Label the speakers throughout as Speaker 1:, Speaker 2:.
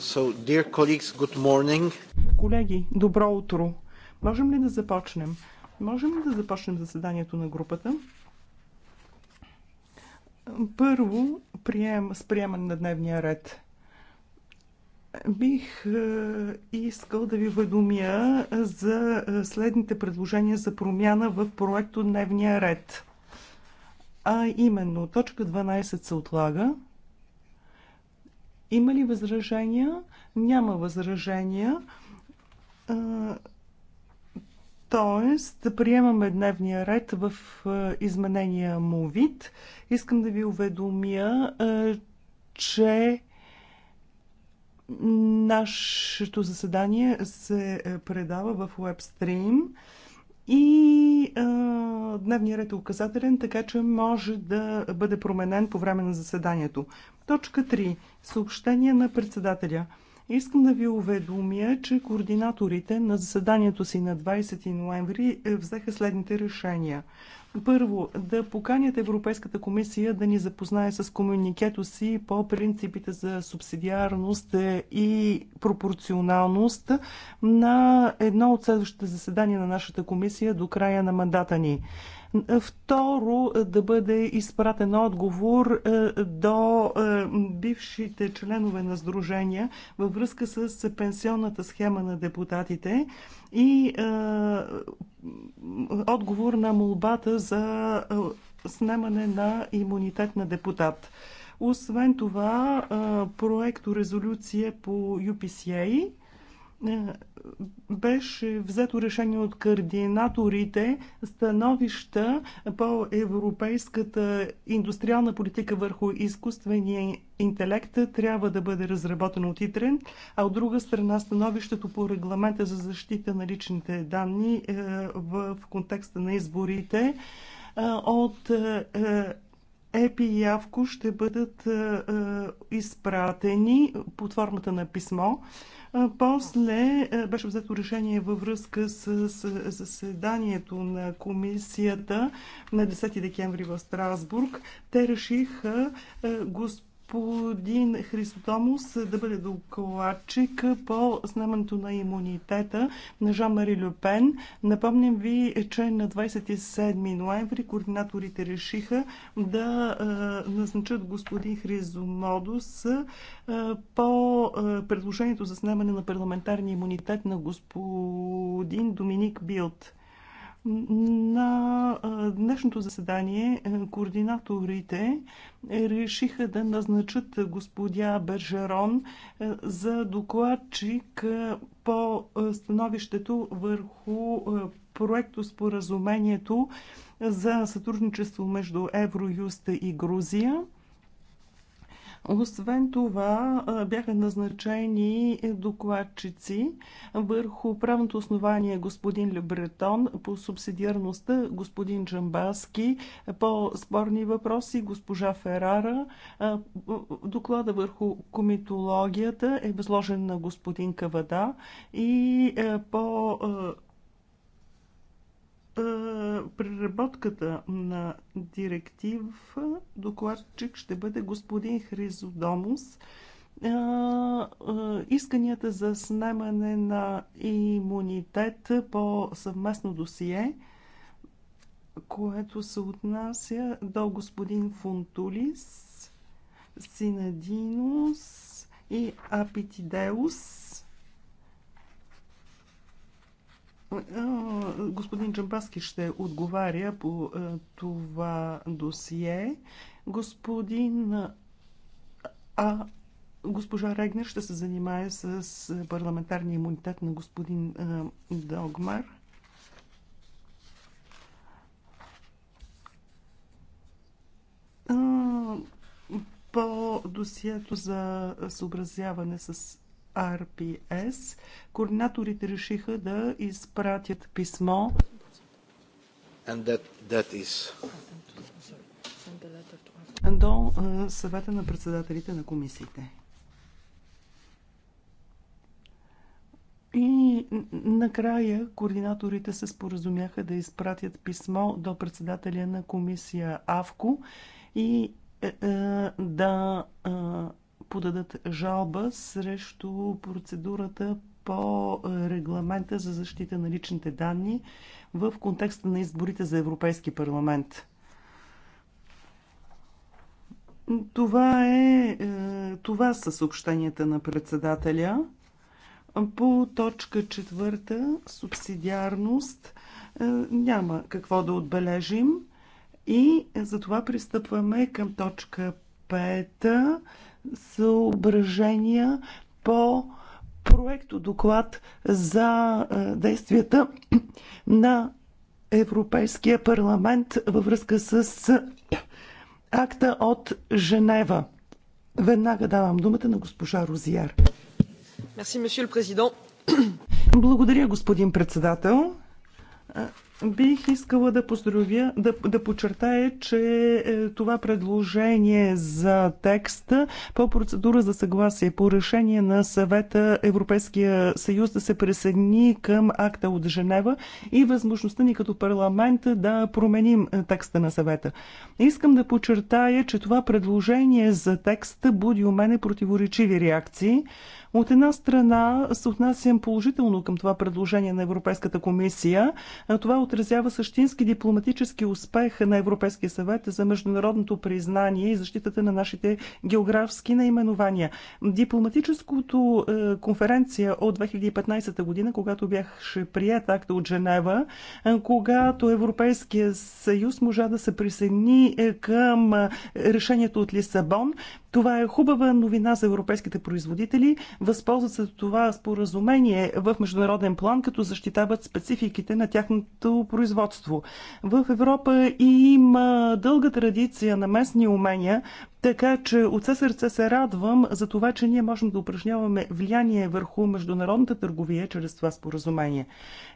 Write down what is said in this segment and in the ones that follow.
Speaker 1: So, dear colleagues, good morning.
Speaker 2: Колеги, добро утро. Можем ли да започнем? Можем ли да започнем заседанието на групата? Първо, прием, с приемане на дневния ред. Бих е, искал да ви уведомя за е, следните предложения за промяна в проекто Дневния ред. А именно, точка 12 се отлага. Има ли възражения? Няма възражения. Тоест, да приемаме дневния ред в изменения му вид. Искам да ви уведомя, че нашето заседание се предава в WebStream и дневният ред е указателен, така че може да бъде променен по време на заседанието. Точка 3. Съобщение на председателя. Искам да ви уведомя, че координаторите на заседанието си на 20 ноември е, взеха следните решения. Първо, да поканят Европейската комисия да ни запознае с комуникето си по принципите за субсидиарност е, и пропорционалност на едно от следващите заседания на нашата комисия до края на мандата ни. Второ, да бъде изпратен отговор е, до е, бившите членове на сдружения във връзка с пенсионната схема на депутатите и е, отговор на молбата за снемане на имунитет на депутат. Освен това, проекто резолюция по UPCA беше взето решение от координаторите становища по европейската индустриална политика върху изкуствения интелект трябва да бъде разработено от ИТРЕН, а от друга страна становището по регламента за защита на личните данни е, в контекста на изборите е, от е, ЕПИ и ЯВКО ще бъдат е, е, изпратени под формата на писмо. Е, после беше взето решение във връзка с заседанието на комисията на 10 декември в Страсбург. Те решиха господин господин Христотомус е да бъде докладчик по снемането на имунитета на Жан-Мари Люпен. Напомням ви, че на 27 ноември координаторите решиха да е, назначат господин Хризомодос е, по предложението за снемане на парламентарния имунитет на господин Доминик Билт. На днешното заседание координаторите е, решиха да назначат господя Бержерон за докладчик по становището върху проекто споразумението за сътрудничество между Евроюста и Грузия. Освен това бяха назначени докладчици върху правното основание господин Лебретон, по субсидиарността господин Джамбаски, по спорни въпроси госпожа Ферара. Доклада върху комитологията е възложен на господин Кавада и по е, преработката на директив докладчик ще бъде господин Хризодомус. Е, е, исканията за снемане на имунитет по съвместно досие, което се отнася до господин Фунтулис, Синадинус и Апитидеус Господин Джамбаски ще отговаря по е, това досие. Господин А. Госпожа Регнер ще се занимае с е, парламентарния имунитет на господин е, Догмар. По досието за съобразяване с RPS, координаторите решиха да изпратят писмо.
Speaker 1: And that, that is...
Speaker 2: до съвета на председателите на комисиите. И накрая координаторите се споразумяха да изпратят писмо до председателя на комисия АВКО и е, е, да е, подадат жалба срещу процедурата по е, регламента за защита на личните данни в контекста на изборите за Европейски парламент. Това, е, е това са съобщенията на председателя. По точка четвърта, субсидиарност, е, няма какво да отбележим. И затова пристъпваме към точка пета съображения по проекто доклад за е, действията на Европейския парламент във връзка с акта от Женева. Веднага давам думата на госпожа Розияр. Благодаря, господин председател. Бих искала да поздравя, да, да подчертая, че е, това предложение за текста по процедура за съгласие по решение на съвета Европейския съюз да се присъедини към акта от Женева и възможността ни като парламент да променим е, текста на съвета. Искам да почертая, че това предложение за текста буди у мене противоречиви реакции. От една страна се отнасям положително към това предложение на Европейската комисия. Това отразява същински дипломатически успех на Европейския съвет за международното признание и защитата на нашите географски наименования. Дипломатическото е, конференция от 2015 година, когато бяхше прият акта от Женева, е, когато Европейския съюз можа да се присъедини е, към решението от Лисабон, това е хубава новина за европейските производители. Възползват се това споразумение в международен план, като защитават спецификите на тяхното производство. В Европа има дълга традиция на местни умения, така че от все сърце се радвам за това, че ние можем да упражняваме влияние върху международната търговия чрез това споразумение.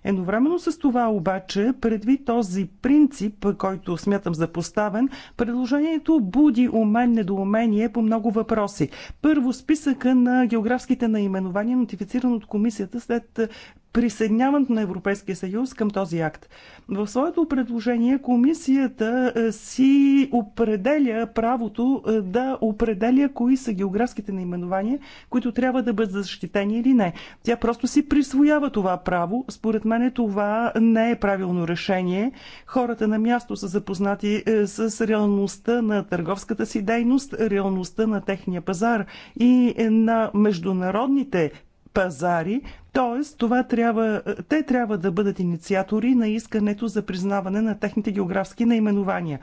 Speaker 2: Едновременно с това обаче, предвид този принцип, който смятам за поставен, предложението буди у мен недоумение по много въпроси. Първо, списъка на географските наименования, нотифициран от комисията след присъединяването на Европейския съюз към този акт. В своето предложение комисията е, си определя правото е, да определя кои са географските наименования, които трябва да бъдат защитени или не. Тя просто си присвоява това право. Според мен това не е правилно решение. Хората на място са запознати е, с реалността на търговската си дейност, реалността на техния пазар и е, на международните пазари, т.е. това трябва, те трябва да бъдат инициатори на искането за признаване на техните географски наименования.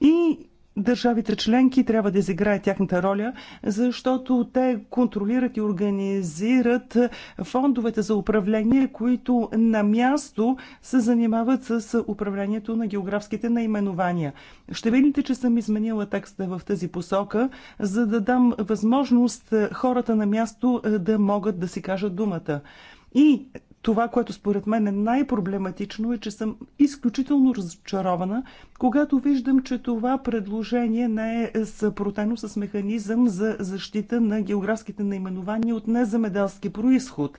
Speaker 2: И държавите членки трябва да изиграят тяхната роля, защото те контролират и организират фондовете за управление, които на място се занимават с управлението на географските наименования. Ще видите, че съм изменила текста в тази посока, за да дам възможност хората на място е, да могат да си кажат думата. И това, което според мен е най-проблематично е, че съм изключително разочарована, когато виждам, че това предложение не е съпротено с механизъм за защита на географските наименования от неземеделски происход.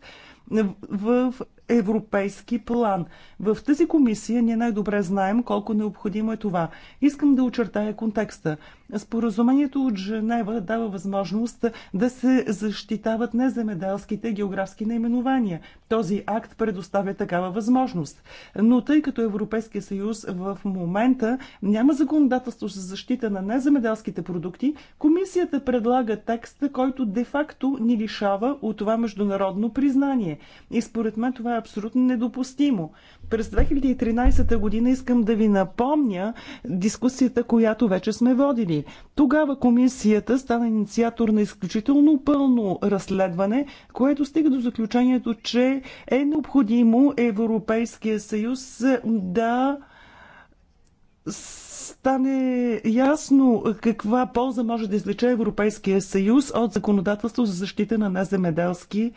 Speaker 2: В европейски план. В тази комисия ние най-добре знаем колко необходимо е това. Искам да очертая контекста. Споразумението от Женева дава възможност да се защитават неземеделските географски наименования. Този акт предоставя такава възможност. Но тъй като Европейския съюз в момента няма законодателство за защита на неземеделските продукти, комисията предлага текста, който де-факто ни лишава от това международно признание. И според мен това е абсолютно недопустимо. През 2013 година искам да ви напомня дискусията, която вече сме водили. Тогава комисията стана инициатор на изключително пълно разследване, което стига до заключението, че е необходимо Европейския съюз да стане ясно каква полза може да излече Европейския съюз от законодателство за защита на неземеделски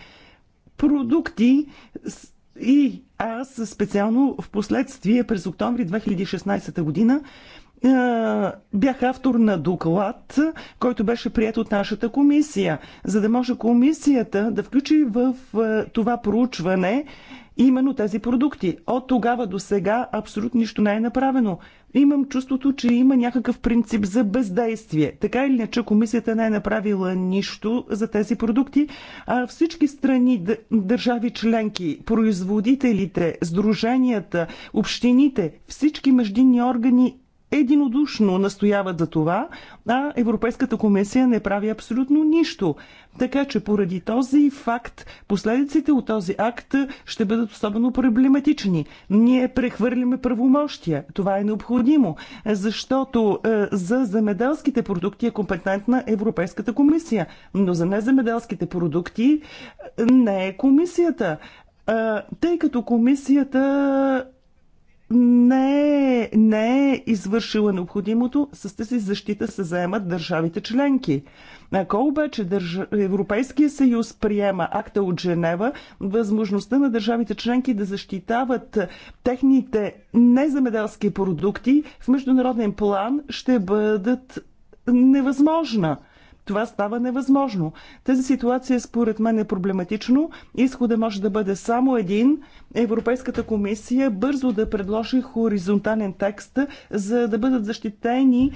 Speaker 2: продукти и аз специално в последствие през октомври 2016 година бях автор на доклад, който беше прият от нашата комисия, за да може комисията да включи в това проучване именно тези продукти. От тогава до сега абсолютно нищо не е направено. Имам чувството, че има някакъв принцип за бездействие. Така или иначе, комисията не е направила нищо за тези продукти, а всички страни, държави членки, производителите, сдруженията, общините, всички междинни органи единодушно настояват за това, а Европейската комисия не прави абсолютно нищо. Така че поради този факт, последиците от този акт ще бъдат особено проблематични. Ние прехвърляме правомощия. Това е необходимо, защото е, за земеделските продукти е компетентна Европейската комисия, но за неземеделските продукти е, не е комисията е, тъй като комисията не, не е извършила необходимото, с тази защита се заемат държавите членки. Ако обаче държ... Европейския съюз приема акта от Женева, възможността на държавите членки да защитават техните неземеделски продукти в международен план ще бъдат невъзможна това става невъзможно. Тази ситуация според мен е проблематично. Изхода може да бъде само един. Европейската комисия бързо да предложи хоризонтален текст, за да бъдат защитени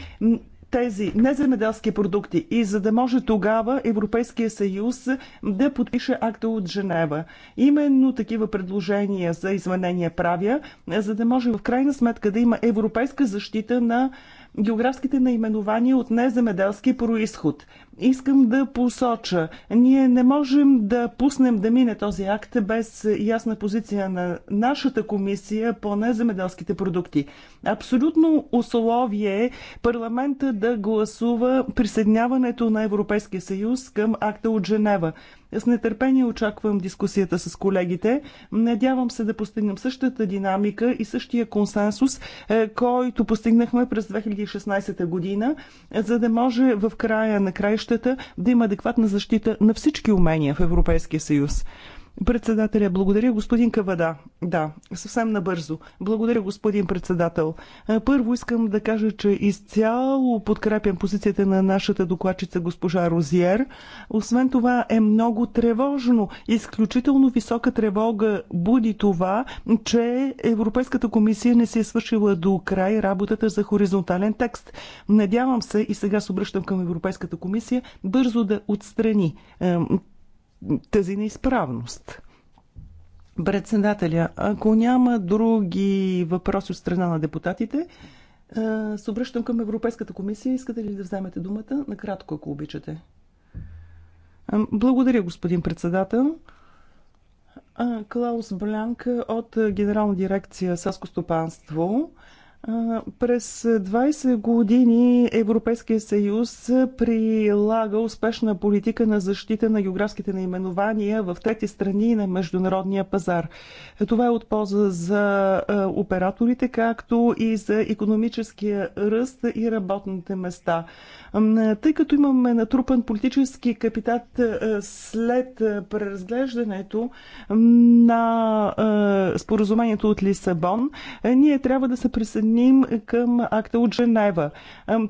Speaker 2: тези неземеделски продукти и за да може тогава Европейския съюз да подпише акта от Женева. Именно такива предложения за изменения правя, за да може в крайна сметка да има европейска защита на географските наименования от неземеделски происход – Искам да посоча, ние не можем да пуснем да мине този акт без ясна позиция на нашата комисия по неземеделските продукти. Абсолютно условие е парламента да гласува присъединяването на Европейския съюз към акта от Женева. С нетърпение очаквам дискусията с колегите. Надявам се да постигнем същата динамика и същия консенсус, е, който постигнахме през 2016 година, за да може в края на краища училищата да има адекватна защита на всички умения в Европейския съюз. Председателя, благодаря господин Кавада. Да, съвсем набързо. Благодаря господин председател. Е, първо искам да кажа, че изцяло подкрепям позицията на нашата докладчица госпожа Розиер. Освен това е много тревожно. Изключително висока тревога буди това, че Европейската комисия не си е свършила до край работата за хоризонтален текст. Надявам се и сега се обръщам към Европейската комисия бързо да отстрани е, тази неизправност. Председателя, ако няма други въпроси от страна на депутатите, се обръщам към Европейската комисия. Искате ли да вземете думата? Накратко, ако обичате. Благодаря, господин председател. Клаус Блянк от Генерална дирекция Съско стопанство. През 20 години Европейския съюз прилага успешна политика на защита на географските наименования в трети страни на международния пазар. Това е от полза за операторите, както и за економическия ръст и работните места. Тъй като имаме натрупан политически капитат след преразглеждането на споразумението от Лисабон, ние трябва да се присъединим присъединим към акта от Женева.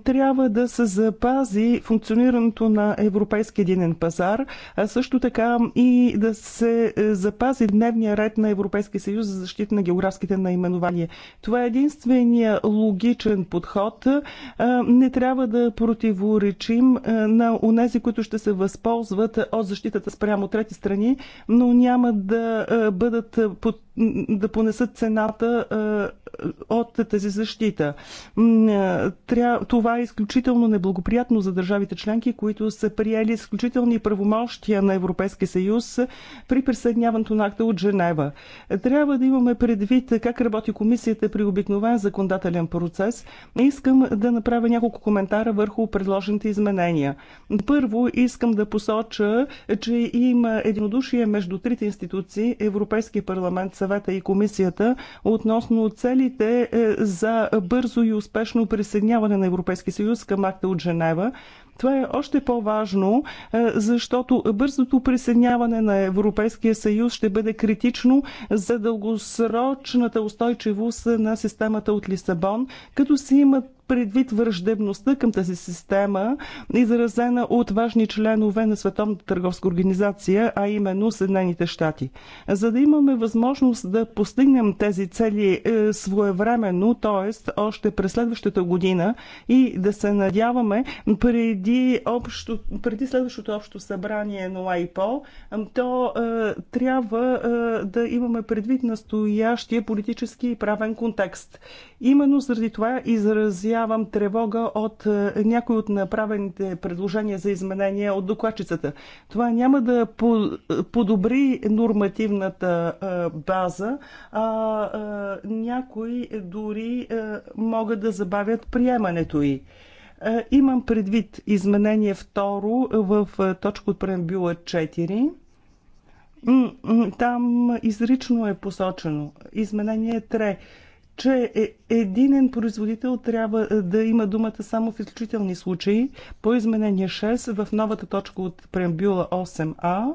Speaker 2: Трябва да се запази функционирането на Европейския единен пазар, а също така и да се е, запази дневния ред на Европейския съюз за защита на географските наименования. Това е единствения логичен подход. Е, не трябва да противоречим е, на унези, които ще се възползват от защитата спрямо трети страни, но няма да бъдат под да понесат цената от тази защита. Това е изключително неблагоприятно за държавите членки, които са приели изключителни правомощия на Европейския съюз при присъединяването на акта от Женева. Трябва да имаме предвид как работи комисията при обикновен законодателен процес. Искам да направя няколко коментара върху предложените изменения. Първо, искам да посоча, че има единодушие между трите институции, Европейския парламент, съвет съвета и комисията относно целите е, за бързо и успешно присъединяване на Европейския съюз към акта от Женева. Това е още по-важно, е, защото бързото присъединяване на Европейския съюз ще бъде критично за дългосрочната устойчивост на системата от Лисабон, като се имат предвид враждебността към тази система, изразена от важни членове на Световната търговска организация, а именно Съединените щати. За да имаме възможност да постигнем тези цели е, своевременно, т.е. още през следващата година и да се надяваме преди, общо, преди следващото общо събрание на ЛАИПО, то е, трябва е, да имаме предвид настоящия политически и правен контекст. Именно заради това изразя изразявам тревога от е, някои от направените предложения за изменения от докладчицата. Това няма да подобри нормативната е, база, а е, някои дори могат да забавят приемането й. Имам предвид изменение второ в точка от преамбюла 4. Там изрично е посочено изменение 3 че е, единен производител трябва е, да има думата само в изключителни случаи. По изменение 6 в новата точка от преамбюла 8а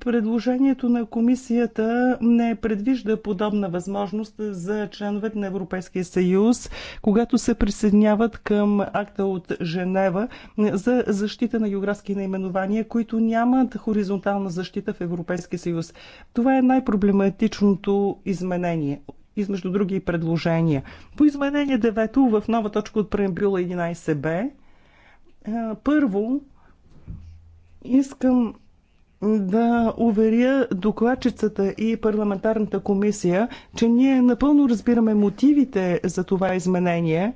Speaker 2: Предложението на комисията не предвижда подобна възможност за членовете на Европейския съюз, когато се присъединяват към акта от Женева за защита на географски наименования, които нямат хоризонтална защита в Европейския съюз. Това е най-проблематичното изменение измежду други предложения. По изменение 9 в нова точка от преамбюла 11б, е, първо искам да уверя докладчицата и парламентарната комисия, че ние напълно разбираме мотивите за това изменение,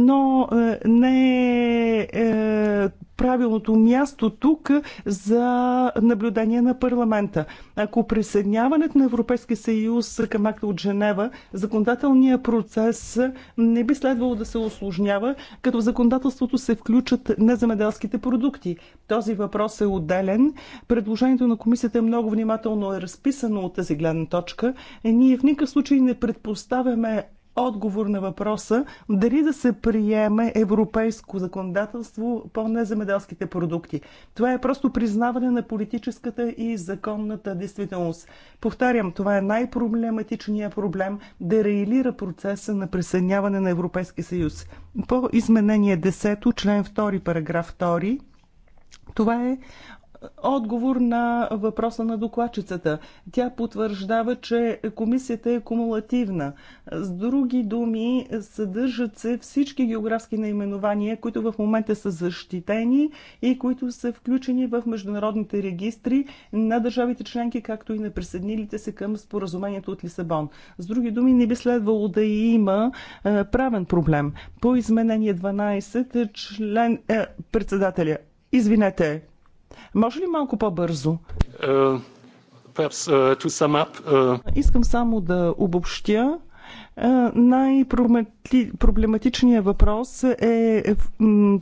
Speaker 2: но е, не е, е правилното място тук за наблюдение на парламента. Ако присъединяването на Европейския съюз към акта от Женева, законодателният процес не би следвало да се осложнява, като в законодателството се включат неземеделските продукти. Този въпрос е отделен. Предложението Предложението на комисията е много внимателно е разписано от тази гледна точка. Е, ние в никакъв случай не предпоставяме отговор на въпроса дали да се приеме европейско законодателство по неземеделските продукти. Това е просто признаване на политическата и законната действителност. Повтарям, това е най-проблематичният проблем да реилира процеса на присъединяване на Европейския съюз. По изменение 10, член 2, параграф 2, това е отговор на въпроса на докладчицата. Тя потвърждава, че комисията е кумулативна. С други думи, съдържат се всички географски наименования, които в момента са защитени и които са включени в международните регистри на държавите членки, както и на присъединилите се към споразумението от Лисабон. С други думи, не би следвало да има е, правен проблем. По изменение 12 член е, председателя Извинете, може ли малко по-бързо? Е, е, е. Искам само да обобщя. Най-проблематичният въпрос е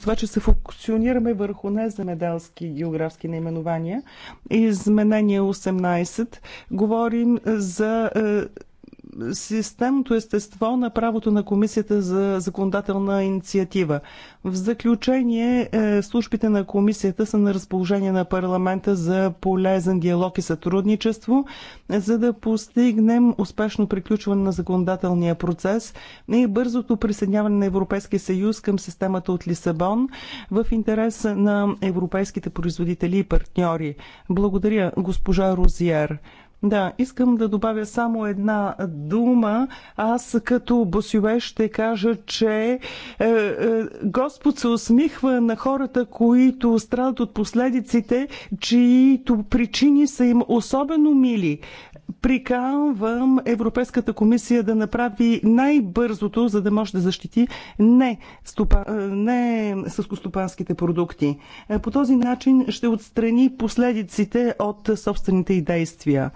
Speaker 2: това, че се функционираме върху неземеделски географски наименования. Изменение 18. Говорим за системното естество на правото на комисията за законодателна инициатива. В заключение, е, службите на комисията са на разположение на парламента за полезен диалог и сътрудничество, за да постигнем успешно приключване на законодателния процес и бързото присъединяване на Европейския съюз към системата от Лисабон в интерес на европейските производители и партньори. Благодаря, госпожа Розиер. Да, искам да добавя само една дума. Аз като босюе ще кажа, че е, е, Господ се усмихва на хората, които страдат от последиците, чието причини са им особено мили приканвам Европейската комисия да направи най-бързото, за да може да защити не, стопа, не съскостопанските продукти. Е, по този начин ще отстрани последиците от собствените и действия. Е,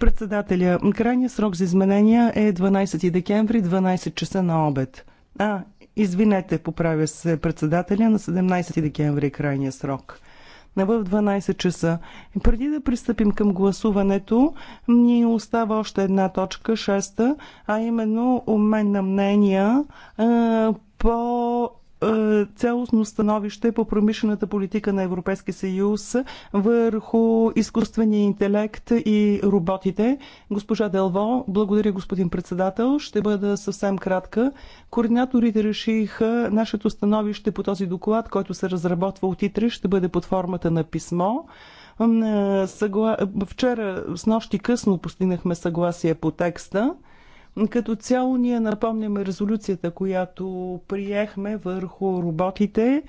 Speaker 2: председателя, крайният срок за изменения е 12 декември, 12 часа на обед. А, извинете, поправя се председателя, на 17 декември е крайния срок в 12 часа. Преди да пристъпим към гласуването, ни остава още една точка, шеста, а именно обмен на мнения по е, цялостно становище по промишлената политика на Европейския съюз върху изкуствения интелект и роботите. Госпожа Делво, благодаря господин председател. Ще бъда съвсем кратка. Координаторите решиха нашето становище по този доклад, който се разработва от ИТРИ, ще бъде под формата на писмо. Е, вчера с нощи късно постигнахме съгласие по текста. Като цяло ние напомняме резолюцията, която приехме върху роботите,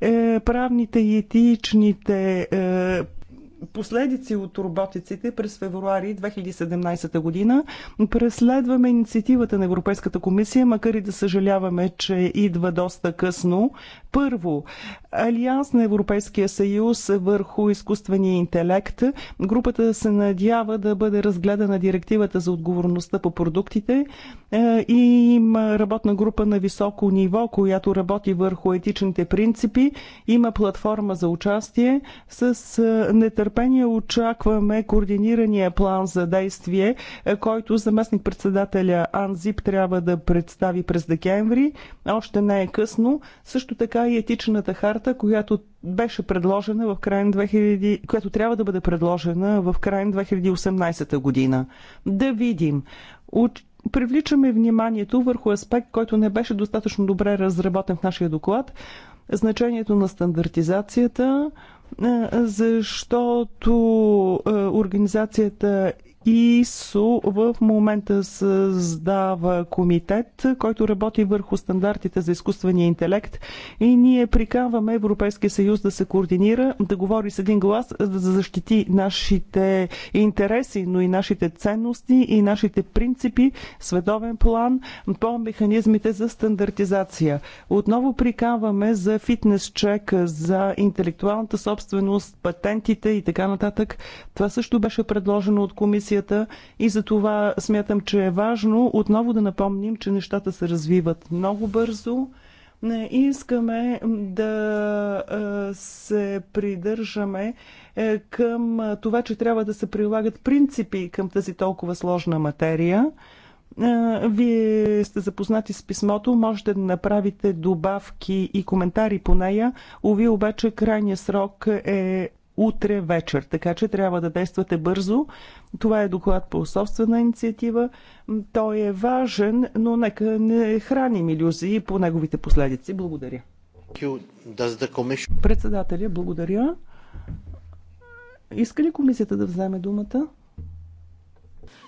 Speaker 2: е, правните и етичните е, последици от роботиците през февруари 2017 година. Преследваме инициативата на Европейската комисия, макар и да съжаляваме, че идва доста късно. Първо, Алианс на Европейския съюз върху изкуствения интелект. Групата се надява да бъде разгледана директивата за отговорността по продуктите е, и има работна група на високо ниво, която работи върху етичните принципи. Има платформа за участие с е, нетърпение нетърпение очакваме координирания план за действие, е, който заместник председателя Анзип трябва да представи през декември. Още не е късно. Също така и етичната харта, която беше предложена в край на 2000, която трябва да бъде предложена в край 2018 година. Да видим. Привличаме вниманието върху аспект, който не беше достатъчно добре разработен в нашия доклад. Значението на стандартизацията, защото организацията ИСО в момента създава комитет, който работи върху стандартите за изкуствения интелект и ние прикаваме Европейския съюз да се координира, да говори с един глас, да защити нашите интереси, но и нашите ценности и нашите принципи, световен план по механизмите за стандартизация. Отново прикаваме за фитнес чек, за интелектуалната собственост, патентите и така нататък. Това също беше предложено от комисията комисията и за това смятам, че е важно отново да напомним, че нещата се развиват много бързо. Не искаме да се придържаме е, към това, че трябва да се прилагат принципи към тази толкова сложна материя. Вие сте запознати с писмото, можете да направите добавки и коментари по нея. Ови обаче крайният срок е утре вечер, така че трябва да действате бързо. Това е доклад по собствена инициатива. Той е важен, но нека не храним иллюзии по неговите последици. Благодаря. Председателя, благодаря. Иска ли комисията да вземе думата?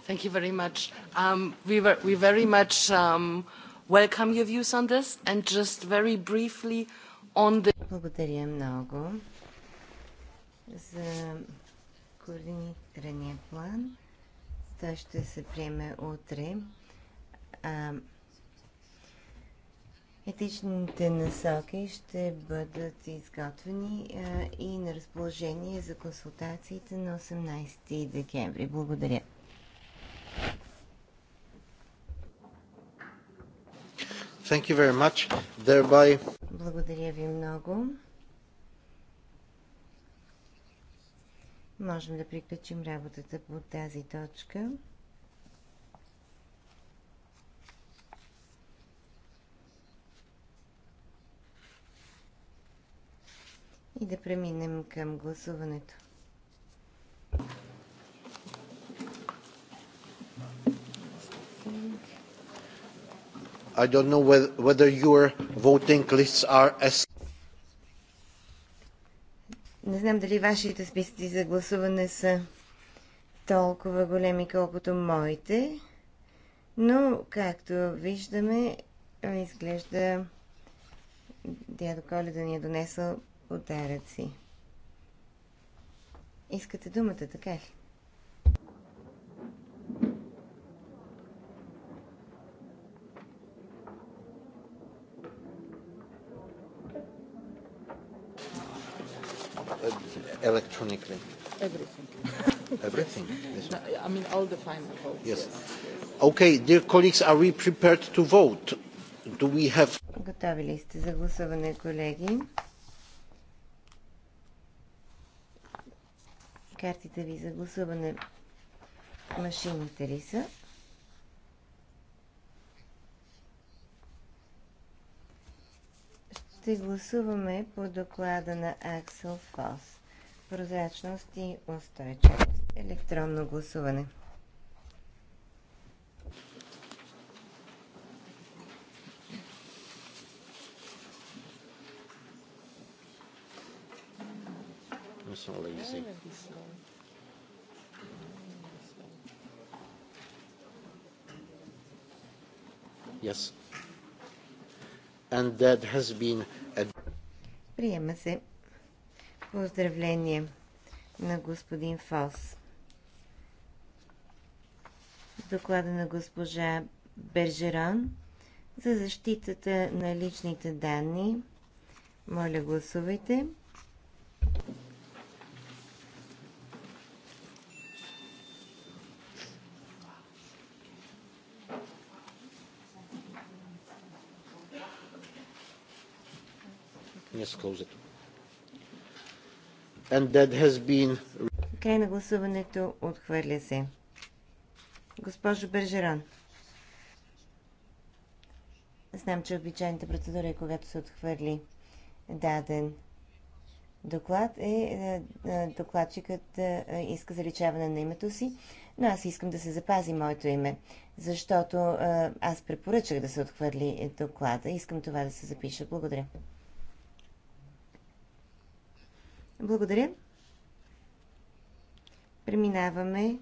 Speaker 2: Thank you very much. Um, we, were, we very much um, welcome your views on this and just
Speaker 3: very briefly on the... Благодаря много за координирания план. Той ще се приеме утре. А, етичните насоки ще бъдат изготвени а, и на разположение за консултациите на 18 декември. Благодаря. Thank you very much. Thereby... Благодаря ви много. Можем да приключим работата по тази точка. И да преминем към гласуването.
Speaker 1: I don't know whether your voting lists are as
Speaker 3: не знам дали вашите списъци за гласуване са толкова големи, колкото моите, но, както виждаме, изглежда дядо Коледа ни е донесъл подаръци. Искате думата, така ли?
Speaker 1: electronically? Everything. Everything? Yes. No, I mean, all the final votes. Yes. Yes. Okay, dear colleagues, are we prepared to vote? Do we have...
Speaker 3: Готови ли сте за гласуване, колеги? Картите ви за гласуване машините ли са? ще гласуваме по доклада на Аксел Фос. Прозрачност и устойчивост. Електронно гласуване.
Speaker 1: Yes and that has been a...
Speaker 3: Приема се. Поздравление на господин Фос. Доклада на госпожа Бержерон за защитата на личните данни. Моля, гласувайте.
Speaker 1: it. been...
Speaker 3: Край на гласуването отхвърля се. Госпожо Бержеран. Знам, че обичайната процедура е когато се отхвърли даден доклад е, е докладчикът е, иска заличаване на името си, но аз искам да се запази моето име, защото е, аз препоръчах да се отхвърли доклада. Искам това да се запише. Благодаря. Благодаря. Преминаваме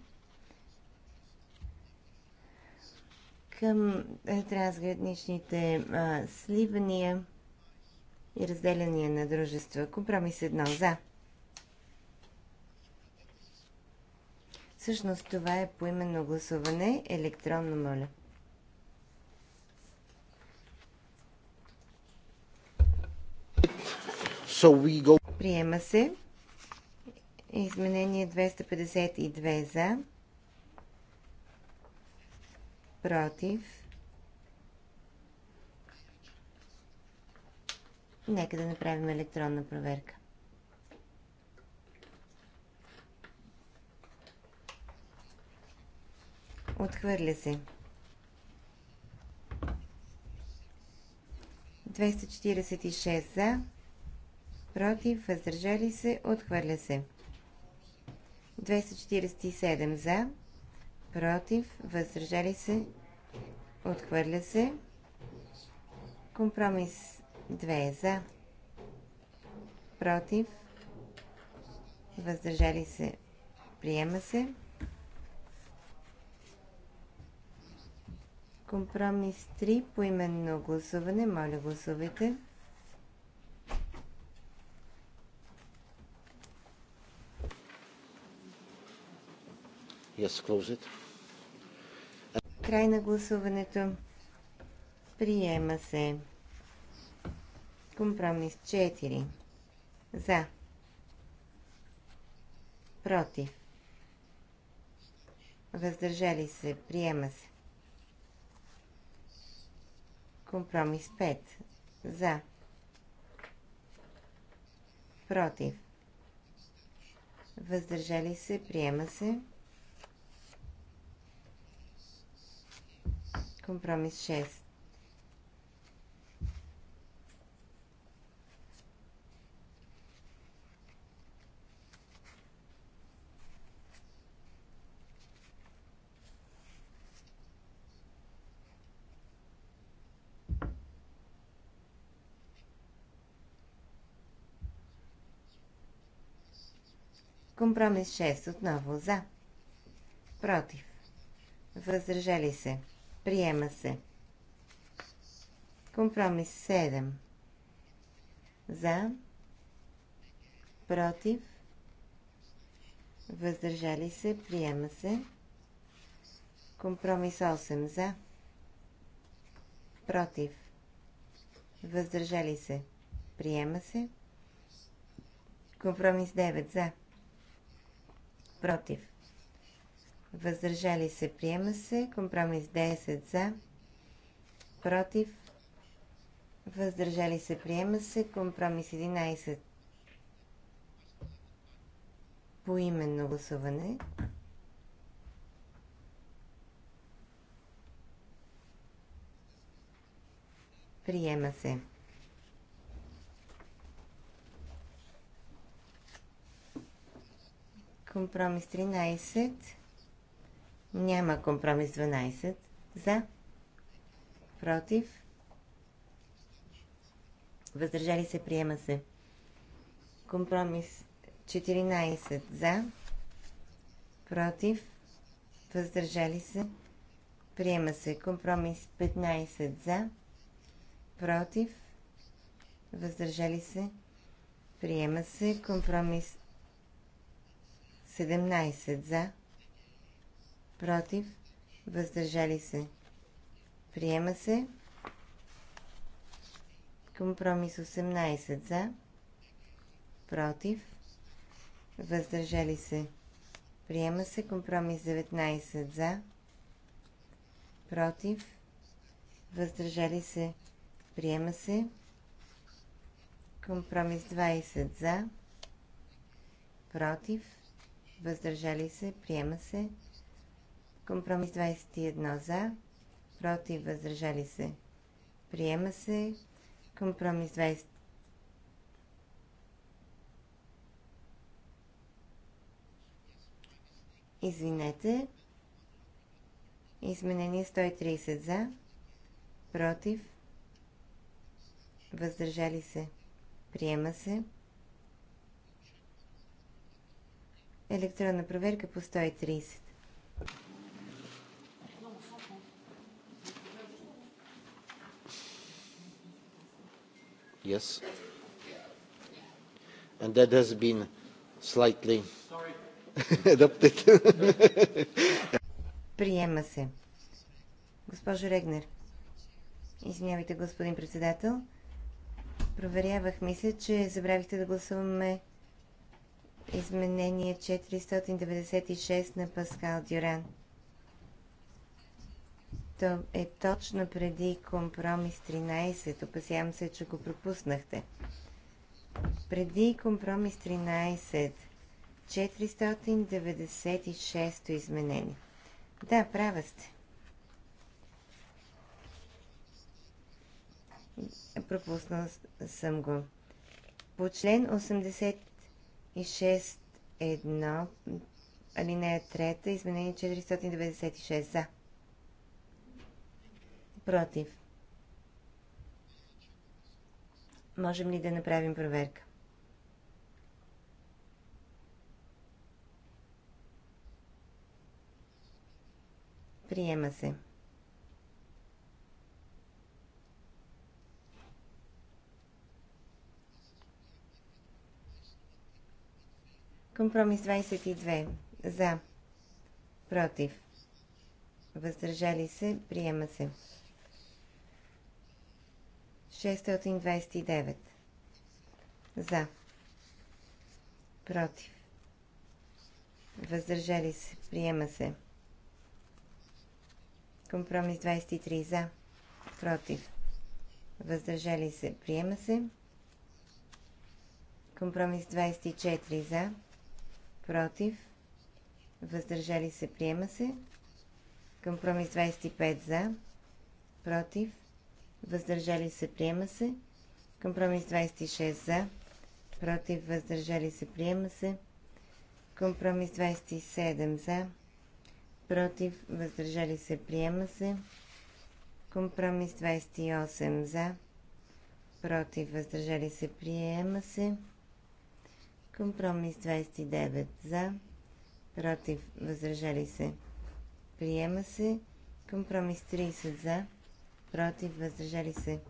Speaker 3: към е, трансграничните сливания и разделяния на дружества. Компромис едно за. Всъщност това е поименно гласуване, електронно моля. So we go Приема се. Изменение 252 за. Против. Нека да направим електронна проверка. Отхвърля се. 246 за против, въздържали се, отхвърля се. 247 за, против, въздържали се, отхвърля се. Компромис 2 за, против, въздържали се, приема се. Компромис 3 по именно гласуване. Моля гласувайте. Yes, Край на гласуването. Приема се. Компромис 4. За. Против. Въздържали се. Приема се. Компромис 5. За. Против. Въздържали се. Приема се. Компромис 6. Компромис 6. Отново за. Против. Въздържали се. Приема се. Компромис 7. За. Против. Въздържали се. Приема се. Компромис 8. За. Против. Въздържали се. Приема се. Компромис 9. За. Против въздържали се, приема се. Компромис 10 за, против, въздържали се, приема се. Компромис 11 по именно гласуване. Приема се. Компромис 13 няма компромис 12. За. Против. Въздържали се, приема се. Компромис 14. За. Против. Въздържали се. Приема се. Компромис 15. За. Против. Въздържали се. Приема се. Компромис 17. За против, въздържали се. Приема се. Компромис 18 за, против, въздържали се. Приема се. Компромис 19 за, против, въздържали се. Приема се. Компромис 20 за, против, въздържали се. Приема се. Компромис 21 за, против, въздържали се. Приема се. Компромис 20. Извинете. Изменение 130 за, против, въздържали се. Приема се. Електронна проверка по 130.
Speaker 1: Yes. And that has been slightly adopted.
Speaker 3: Приема се. Госпожо Регнер. Извинявайте, господин председател. Проверявах, мисля, че забравихте да гласуваме изменение 496 на Паскал Дюран която е точно преди компромис 13. Опасявам се, че го пропуснахте. Преди компромис 13, 496 изменение. Да, права сте. Пропуснал съм го. По член 86.1, алинея 3, изменение 496 за. Против. Можем ли да направим проверка? Приема се. Компромис 22. За. Против. Въздържали се. Приема се. 629. За. Против. Въздържали се. Приема се. Компромис 23. За. Против. Въздържали се. Приема се. Компромис 24. За. Против. Въздържали се. Приема се. Компромис 25. За. Против въздържали се, приема се. Компромис 26 за, против, въздържали се, приема се. Компромис 27 за, против, въздържали се, приема се. Компромис 28 за, против, въздържали се, приема се. Компромис 29 за, против, въздържали се, приема се. Компромис 30 за, против, въздържали се.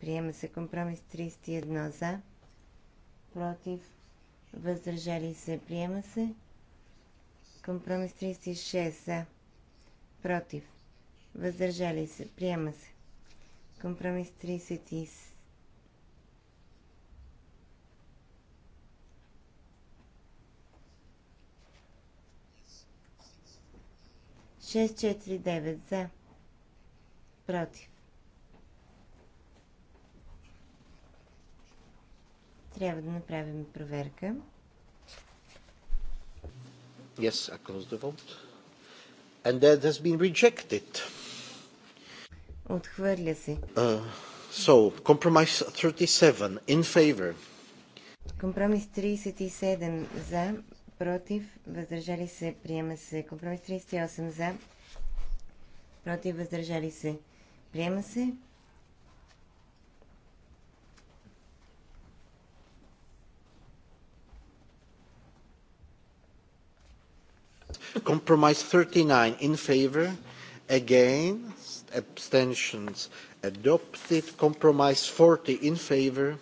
Speaker 3: Приема се компромис 31 за, против, въздържали се. Приема се компромис 36 за, против, въздържали се. Приема се компромис 30. 6, 4, 9 за. Против. Трябва да направим проверка.
Speaker 1: Yes, I close the vote. And that has been rejected.
Speaker 3: Отхвърля се.
Speaker 1: Uh, so, compromise 37 in favor.
Speaker 3: Компромис 37 за, против, въздържали се, приема се. Компромис 38 за, против, въздържали се, приема се.
Speaker 1: Compromise 39 in favor, against, abstentions adopted. Compromise 40 in favor.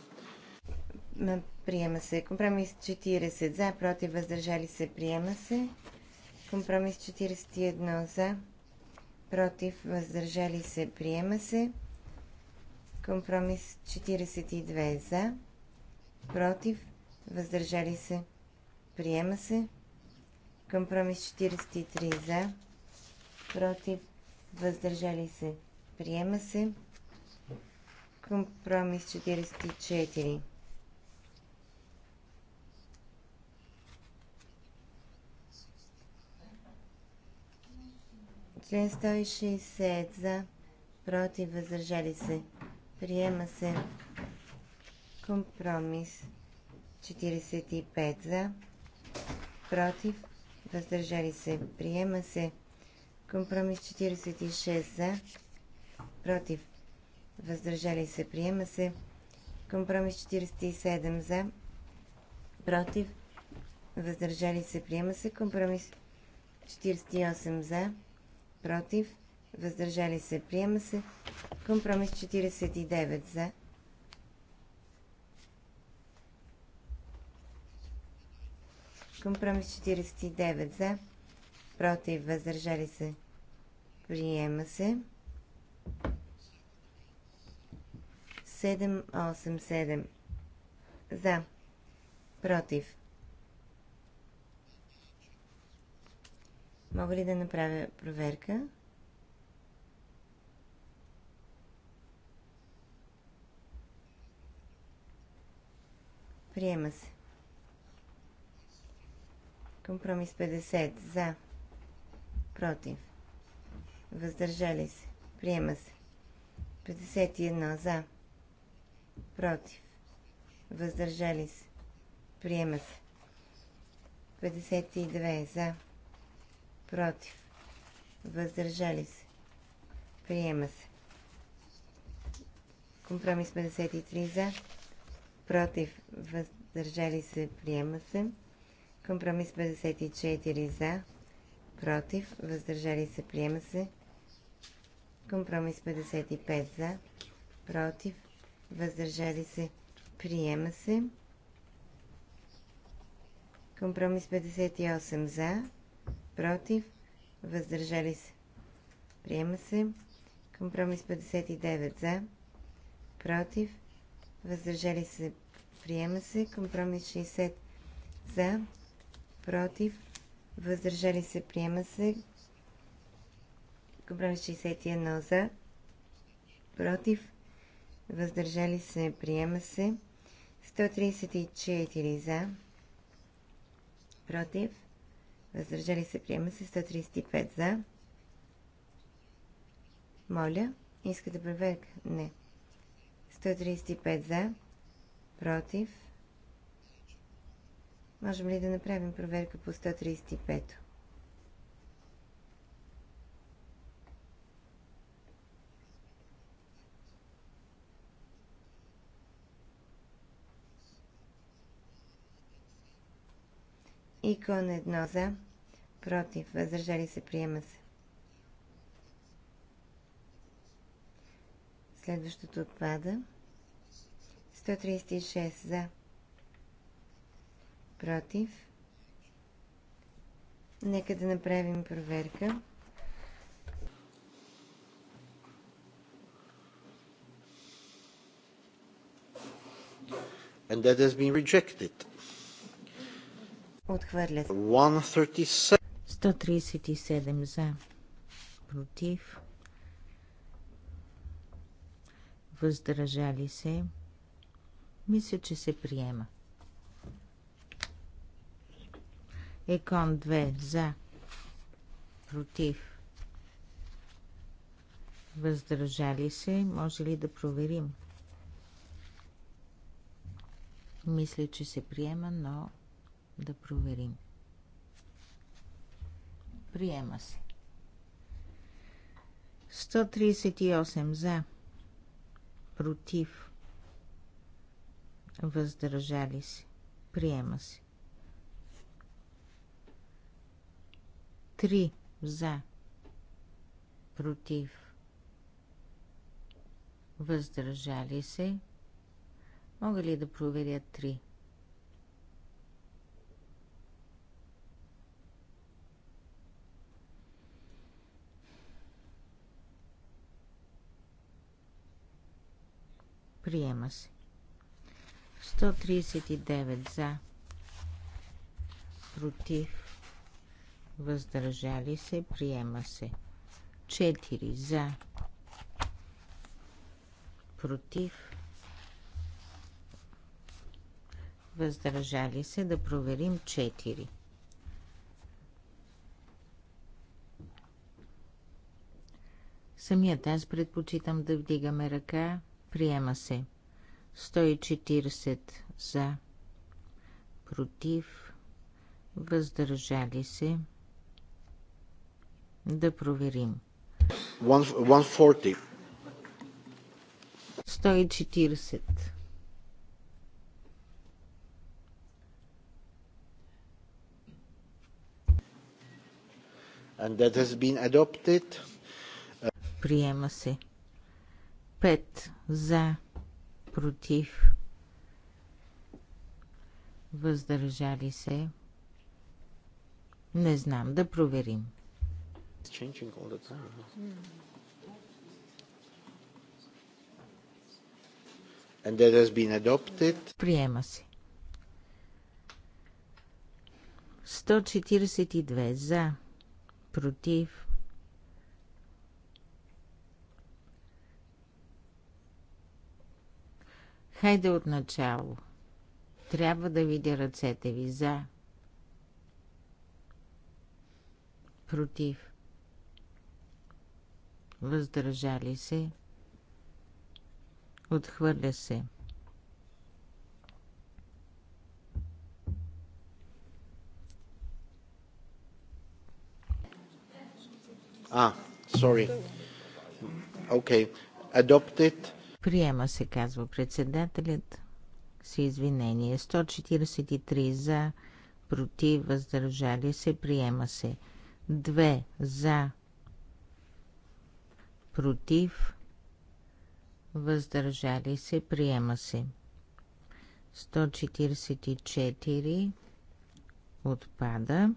Speaker 3: Приема се. Компромис 40 за, против, въздържали се. Приема се. Компромис 41 за, против, въздържали се. Приема се. Компромис 42 за, против, въздържали се. Приема се. Компромис 43 за, против, въздържали се, приема се. Компромис 44. Член 160 за, против, въздържали се, приема се. Компромис 45 за, против, въздържали се, приема се. Компромис 46 за, против, въздържали се, приема се. Компромис 47 за, против, въздържали се, приема се. Компромис 48 за, против, въздържали се, приема се. Компромис 49 за, Компромис 49 за, против, въздържали се, приема се. 787 за, против. Мога ли да направя проверка? Приема се. Компромис 50. За. Против. Въздържали се. Приема се. 51. За. Против. Въздържали се. Приема се. 52. За. Против. Въздържали се. Приема се. Компромис 53 за. Против. Въздържали се. Приема се. Компромис 54 за, против, въздържали се, приема се. Компромис 55 за, против, въздържали се, приема се. Компромис 58 за, против, въздържали се, приема се. Компромис 59 за, против, въздържали се, приема се. Компромис 60 за, против, въздържали се, приема се. Компромис 61 за, против, въздържали се, приема се. 134 за, против, въздържали се, приема се. 135 за. Моля, искате проверка? Не. 135 за, против, Можем ли да направим проверка по 135? Икон едно за, против, въздържали се, приема се. Следващото отпада. 136 за, против. Нека да направим проверка.
Speaker 1: And that has been rejected. Отхвърля. 137.
Speaker 4: 137 за. Против. Въздържали се. Мисля, че се приема. Екон 2 за. Против. Въздържали се. Може ли да проверим? Мисля, че се приема, но да проверим. Приема се. 138 за. Против. Въздържали се. Приема се. Три за, против, въздържали се. Мога ли да проверя три? Приема се. 139 за. Против въздържали се, приема се. 4 за, против, въздържали се, да проверим 4. Самият аз предпочитам да вдигаме ръка, приема се. 140 за, против, въздържали се, да проверим.
Speaker 1: 140.
Speaker 4: 140.
Speaker 1: And that has been adopted.
Speaker 4: Приема се. 5 за, против, въздържали се. Не знам, да проверим. 140. It's changing all the time. Mm.
Speaker 1: And that has been
Speaker 4: adopted. Приема се. 142 за, против. Хайде от начало. Трябва да видя ръцете ви за, против въздържали се, отхвърля се.
Speaker 1: А, сори. Окей. Адоптит.
Speaker 4: Приема се, казва председателят. С извинение. 143 за, против, въздържали се, приема се. 2 за, против, въздържали се, приема се. 144 отпада.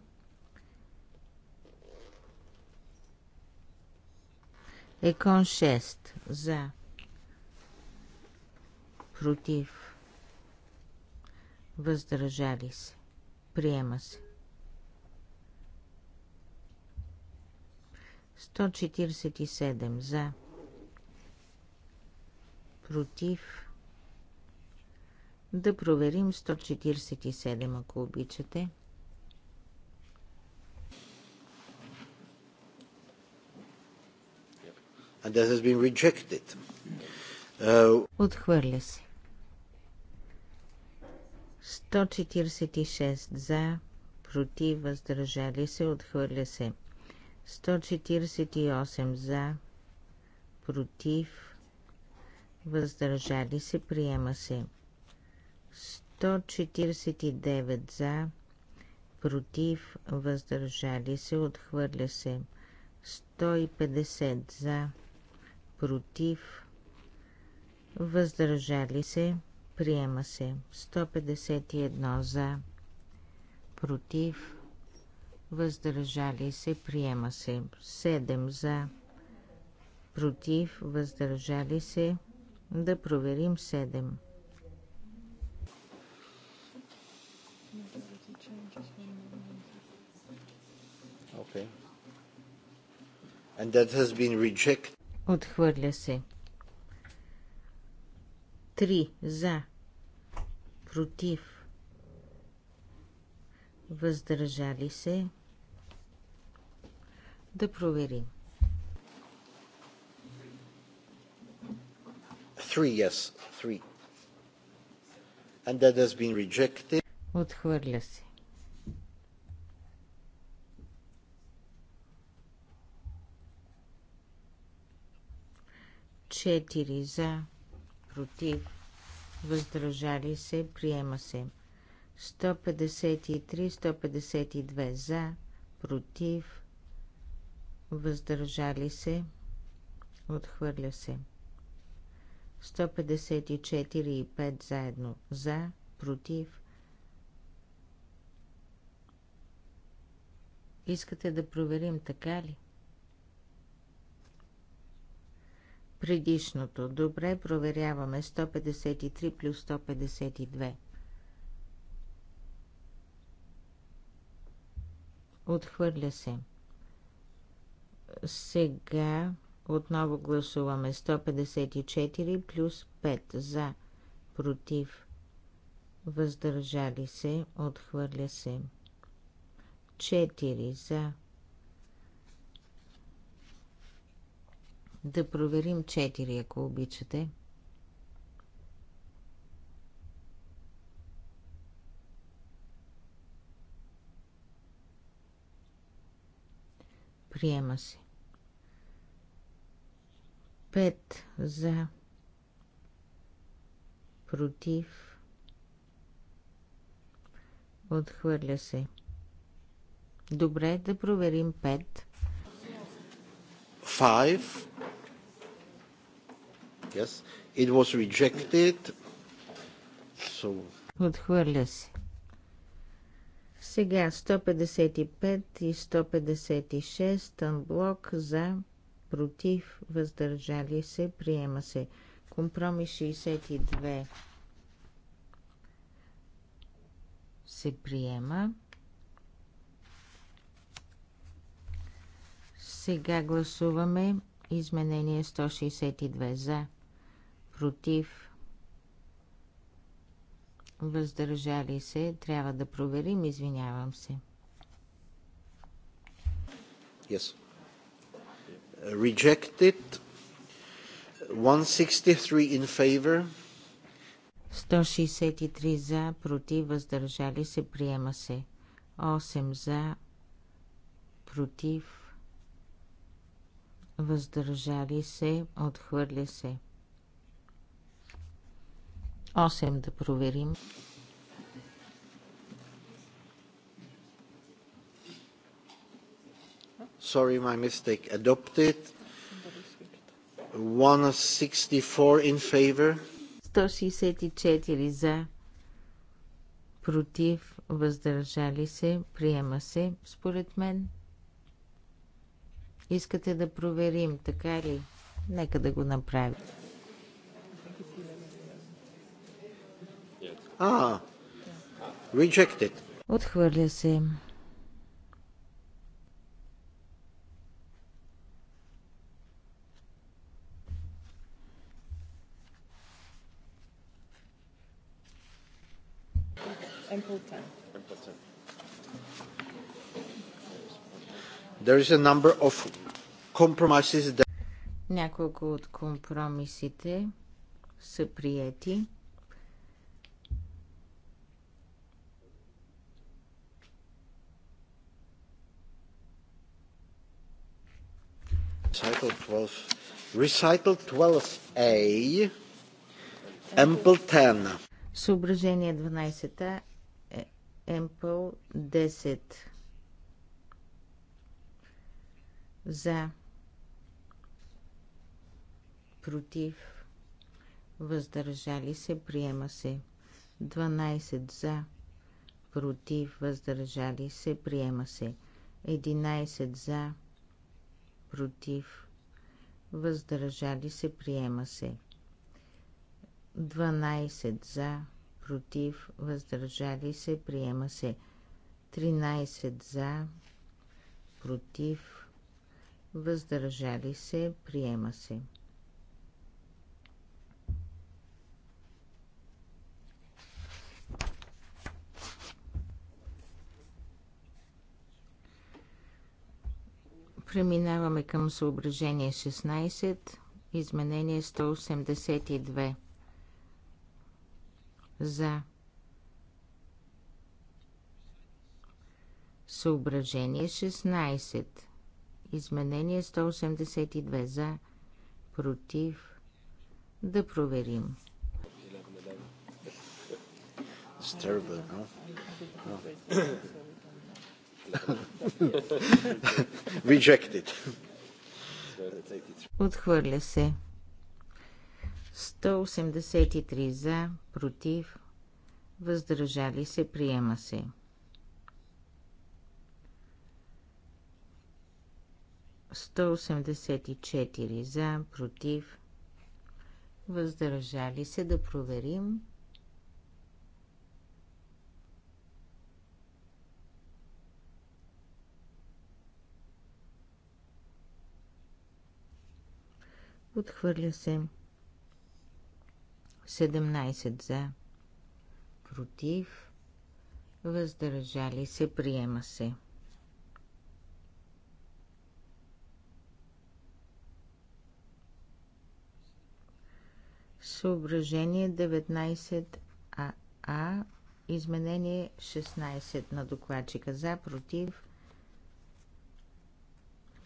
Speaker 4: Екон 6 за против въздържали се. Приема се. 147 за, против. Да проверим 147, ако обичате.
Speaker 1: And that has been rejected. Uh...
Speaker 4: Отхвърля се. 146 за, против, въздържали се, отхвърля се. 148 за, против, въздържали се, приема се. 149 за, против, въздържали се, отхвърля се. 150 за, против, въздържали се, приема се. 151 за, против, въздържали се, приема се. 7 за, против, въздържали се, да проверим 7.
Speaker 1: And that has been rejected.
Speaker 4: Отхвърля се. Три за, против, въздържали се, да проверим.
Speaker 1: Three, yes, three. And that has been rejected.
Speaker 4: Отхвърля се. Четири за, против, въздържали се, приема се. 153-152 за, против, въздържали се, отхвърля се. 154 и 5 заедно за, против. Искате да проверим така ли? Предишното. Добре, проверяваме 153 плюс 152. Отхвърля се. 154. Сега отново гласуваме 154 плюс 5 за, против, въздържали се, отхвърля се. 4 за. Да проверим 4, ако обичате. 4. Приема се. 5 за. Против. Отхвърля се. Добре, да проверим 5. 5.
Speaker 1: Yes, it was rejected. So...
Speaker 4: Отхвърля се. Сега 155 и 156 блок за, против, въздържали се, приема се. Компромис 62 се приема. Сега гласуваме изменение 162 за, против, въздържали се, трябва да проверим, извинявам се.
Speaker 1: Yes. Rejected. 163 in favor.
Speaker 4: 163 за, против, въздържали се, приема се. 8 за, против, въздържали се, отхвърля се. 8 да проверим.
Speaker 1: Sorry, my mistake. Adopted. 164 in favor.
Speaker 4: 164 за. Против. Въздържали се. Приема се, според мен. Искате да проверим, така ли? Нека да го направим. А, ah, rejected. Отхвърля се.
Speaker 1: There is a number of compromises that...
Speaker 4: Няколко от компромисите са приети.
Speaker 1: was recital 12a, ample 10.
Speaker 4: Съображение 12-та, ample 10. За. Против. Въздържали се. Приема се. 12 за. Против. Въздържали се. Приема се. 11 за. Против въздържали се, приема се. 12 за, против, въздържали се, приема се. 13 за, против, въздържали се, приема се. Преминаваме към съображение 16, изменение 182. За съображение 16, изменение 182. За против да проверим.
Speaker 3: It's terrible,
Speaker 1: Rejected.
Speaker 4: Отхвърля се. 183 за, против, въздържали се, приема се. Сто осемдесет и четири за, против, въздържали се да проверим. Отхвърля се. 17 за. Против. Въздържали се. Приема се. Съображение 19 АА. Изменение 16 на докладчика за. Против.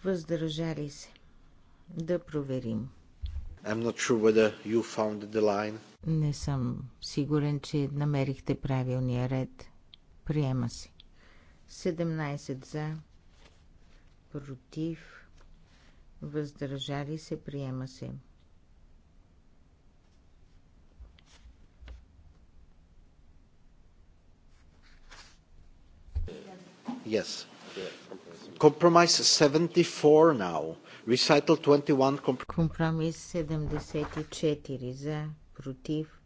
Speaker 4: Въздържали се. Да проверим.
Speaker 1: I'm not sure whether you found the line.
Speaker 4: Не съм сигурен, че намерихте правилния ред. Приема се. 17 за, против, въздържали се, приема се. Yes.
Speaker 1: Compromise 74 now. Recital 21.
Speaker 4: Компромис 74 за, против,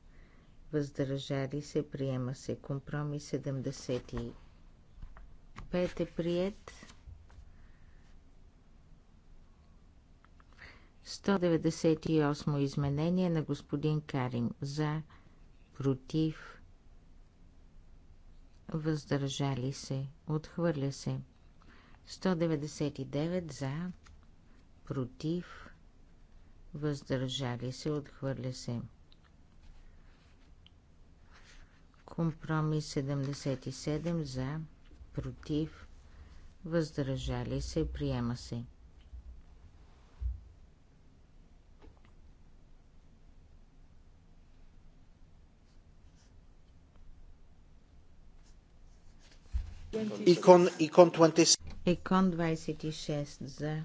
Speaker 4: въздържали се, приема се. Компромис 75 е прият. 198 изменение на господин Карим за, против, въздържали се, отхвърля се. 199 за, против, въздържали се, отхвърля се. Компромис 77 за, против, въздържали се, приема се. Икон, икон 26 за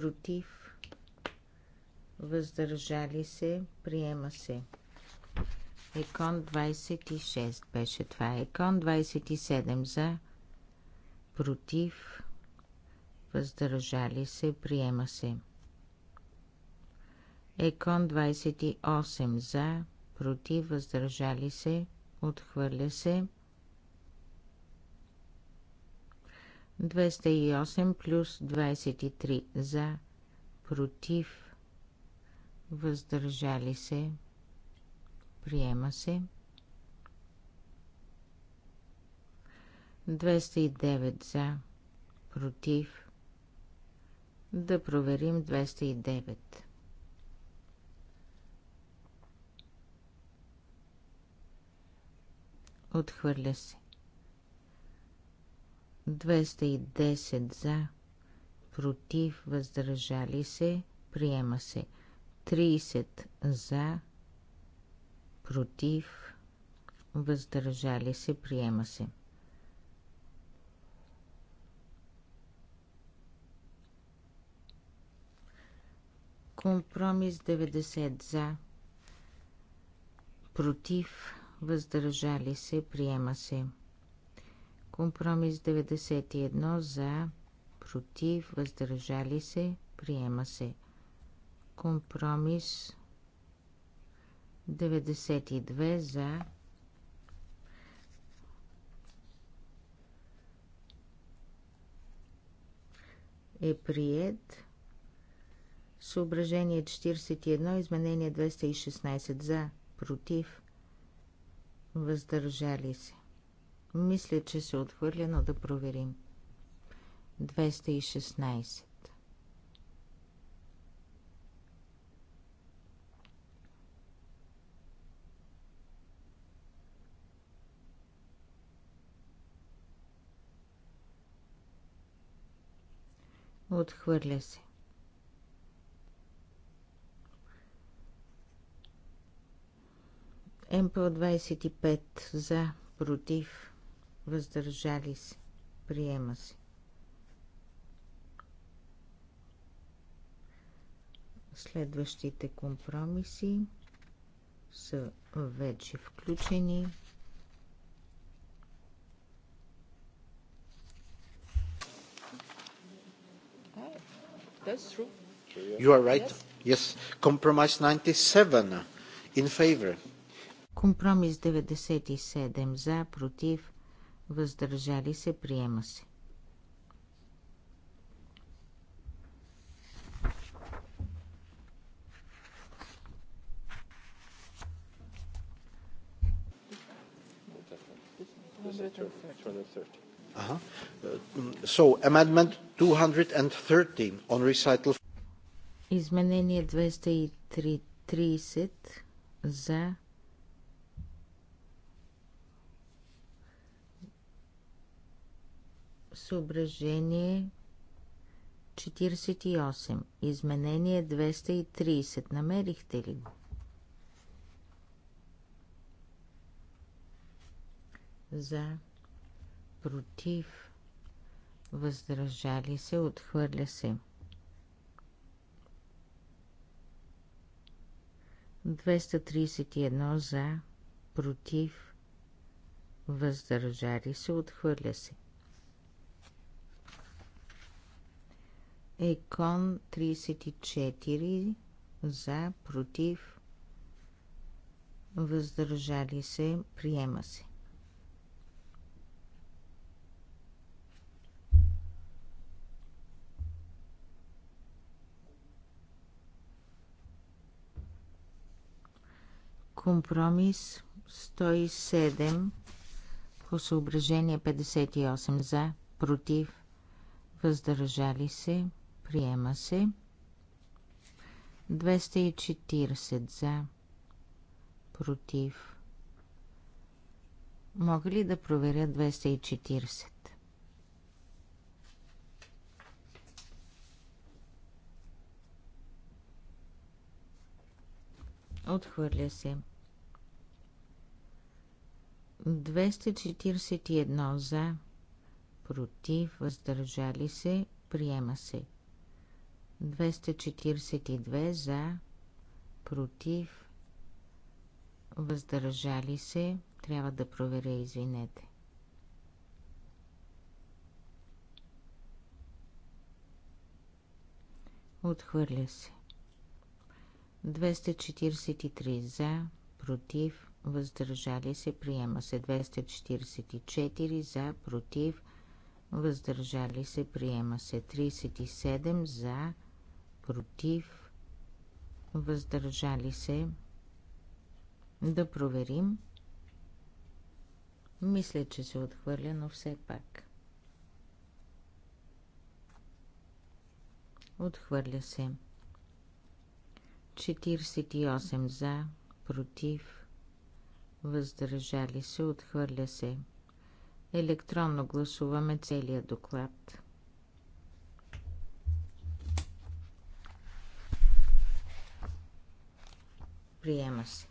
Speaker 4: против, въздържали се, приема се. Екон 26 беше това. Екон 27 за, против, въздържали се, приема се. Екон 28 за, против, въздържали се, отхвърля се. 208 плюс 23 за, против, въздържали се, приема се. 209 за, против. Да проверим 209. Отхвърля се. 210 за, против, въздържали се, приема се. 30 за, против, въздържали се, приема се. Компромис 90 за, против, въздържали се, приема се. Компромис 91 за, против, въздържали се, приема се. Компромис 92 за, е прият. Съображение 41, изменение 216 за, против, въздържали се. Мисля, че се отхвърля, но да проверим. 216. Отхвърля се. МПО 25 за, против, въздържали се, приема се. Следващите компромиси са вече включени.
Speaker 1: You are right. Yes. Compromise 97 in favor.
Speaker 4: Компромис 97 за, против, въздържали се, приема се.
Speaker 1: Uh-huh. Uh,
Speaker 4: Изменение 230 за Съображение 48. Изменение 230. Намерихте ли го? За. Против. Въздържали се. Отхвърля се. 231 за, против, въздържали се, отхвърля се. 232 Екон 34 за, против, въздържали се, приема се. Компромис 107 по съображение 58 за, против, въздържали се, се. Приема се. 240 за. Против. Мога ли да проверя 240? Отхвърля се. 241 за, против, въздържали се, приема се. 242 за, против, въздържали се. Трябва да проверя, извинете. Отхвърля се. 243 за, против, въздържали се, приема се 244 за, против, въздържали се, приема се 37 за, против, въздържали се. Да проверим. Мисля, че се отхвърля, но все пак. Отхвърля се. 48 за, против, въздържали се, отхвърля се. Електронно гласуваме целият доклад. Приема се.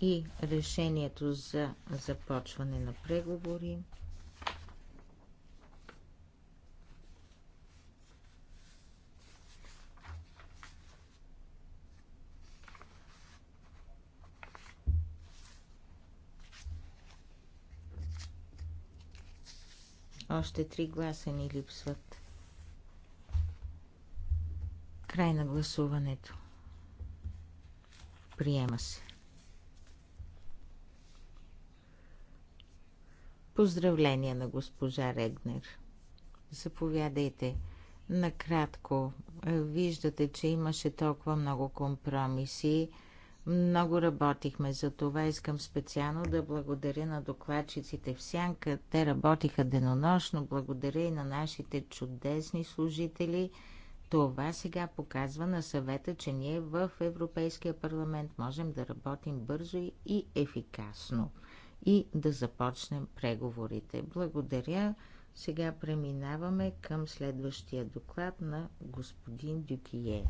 Speaker 4: И решението за започване на преговори. Още три гласа ни липсват. Край на гласуването. Приема се. Поздравления на госпожа Регнер. Заповядайте. Накратко, е, виждате, че имаше толкова много компромиси. Много работихме за това. Искам специално да благодаря на докладчиците в Сянка. Те работиха денонощно. Благодаря и на нашите чудесни служители – това сега показва на съвета, че ние в Европейския парламент можем да работим бързо и ефикасно и да започнем преговорите. Благодаря. Сега преминаваме към следващия доклад на господин Дюкие.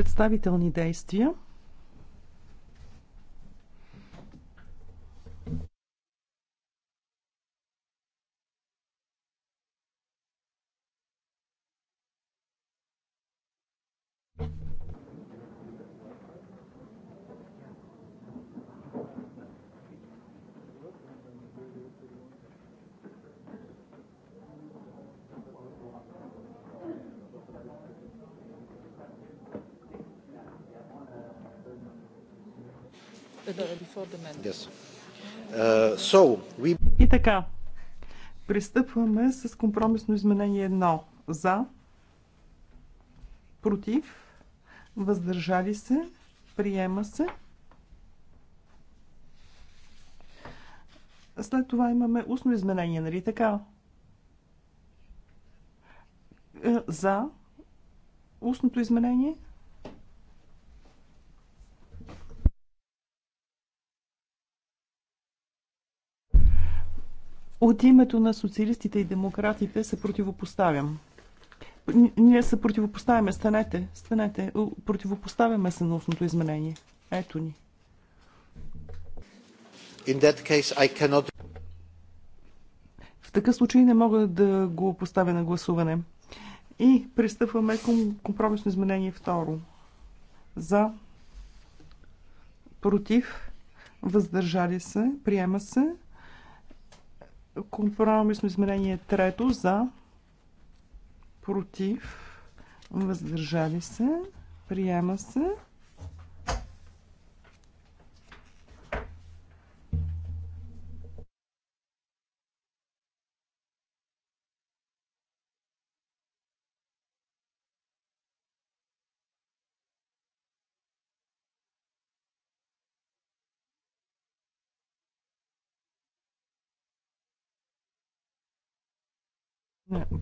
Speaker 2: Представителни действия. Uh, И така, пристъпваме с компромисно изменение 1. За, против, въздържали се, приема се. След това имаме устно изменение, нали така? Е, за устното изменение – От името на социалистите и демократите се противопоставям. Ние се противопоставяме. Станете, станете. Противопоставяме се на устното изменение. Ето ни.
Speaker 1: In that case, I cannot...
Speaker 2: В такъв случай не мога да го поставя на гласуване. И пристъпваме към компромисно изменение второ. За, против, въздържали се, приема се. Компромисно изменение трето за против, въздържали се, приема се.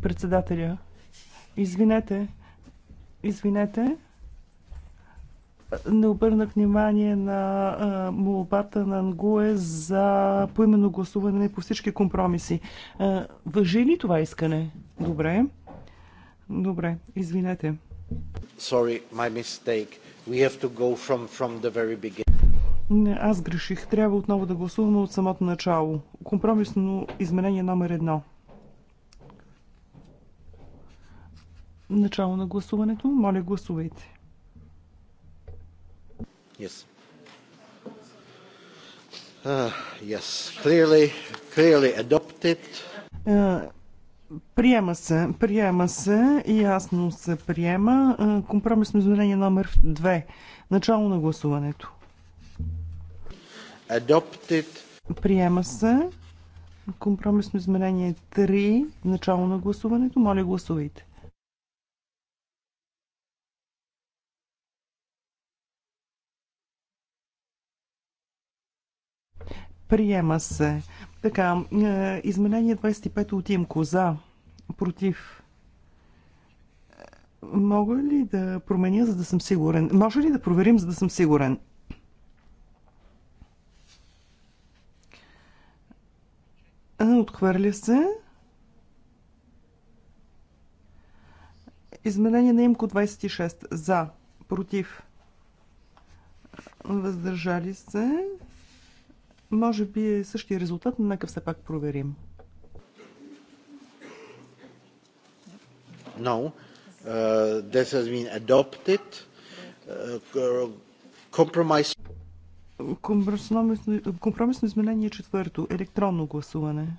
Speaker 2: Председателя, извинете, извинете, не обърнах внимание на молбата на Ангуе за поименно гласуване по всички компромиси. Въжи ли това искане? Добре. Добре, извинете.
Speaker 1: Sorry, my mistake. We have to go from, from the very beginning.
Speaker 2: Не, аз греших. Трябва отново да гласуваме от самото начало. Компромисно изменение номер едно. Начало на гласуването. Моля, гласувайте.
Speaker 1: Yes. Uh, yes. Clearly, clearly adopted.
Speaker 2: Uh, приема се, приема се, ясно се приема. Uh, компромисно изменение номер 2. Начало на гласуването.
Speaker 1: Adopted.
Speaker 2: Приема се. Компромисно изменение 3. Начало на гласуването. Моля, гласувайте. Приема се. Така, е, изменение 25 от Имко. За. Против. Мога ли да променя, за да съм сигурен? Може ли да проверим, за да съм сигурен? Отхвърля се. Изменение на имко 26. За. Против. Въздържали се. Може би е същия резултат, но нека все пак проверим.
Speaker 1: No, uh, this has been adopted.
Speaker 2: Uh, Компромисно, компромисно изменение четвърто. Електронно гласуване.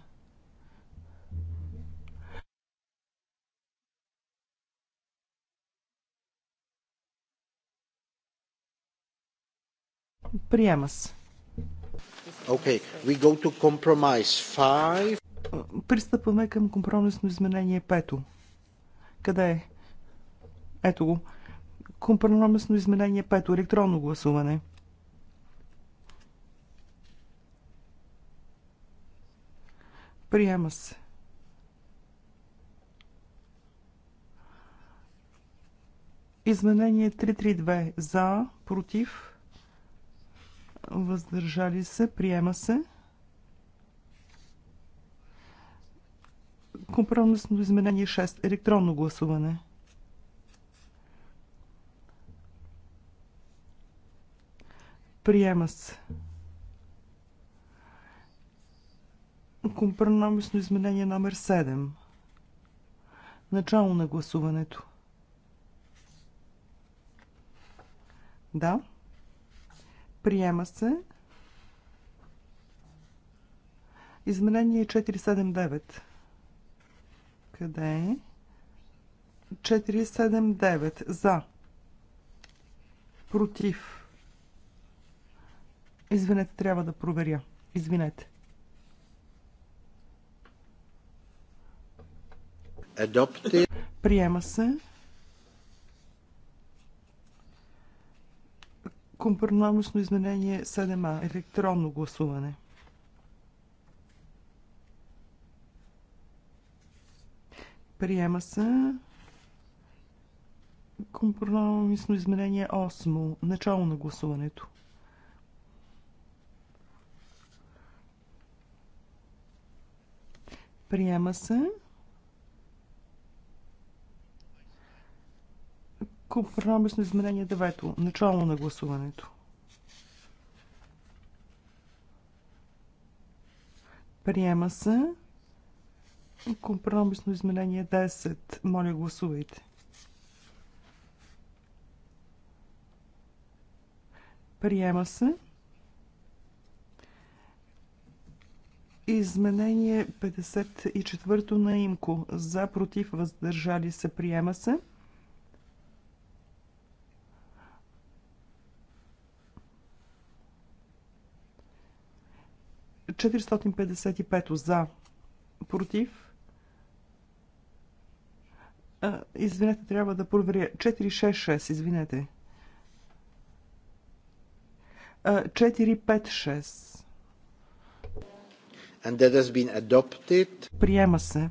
Speaker 2: Приема се. Okay,
Speaker 1: we go to compromise five.
Speaker 2: Пристъпваме към компромисно изменение пето. Къде е? Ето го. Компромисно изменение пето. Електронно гласуване. Приема се. Изменение 332. За, против, въздържали се, приема се. Компромисно изменение 6. Електронно гласуване. Приема се. Компромисно изменение номер 7. Начало на гласуването. Да. Приема се. Изменение 479. Къде е? 479. За. Против. Извинете, трябва да проверя. Извинете.
Speaker 1: Adopted.
Speaker 2: Приема се. Компромисно изменение 7А. Електронно гласуване. Приема се. Компромисно изменение 8. Начало на гласуването. Приема се. Компромисно изменение 9. Начало на гласуването. Приема се. Компромисно изменение 10. Моля, гласувайте. Приема се. Изменение 54 на имко. За, против, въздържали се. Приема се. 455 за, против. А, извинете, трябва да проверя. 466, извинете. А, 456.
Speaker 1: And that has been adopted.
Speaker 2: Приема се.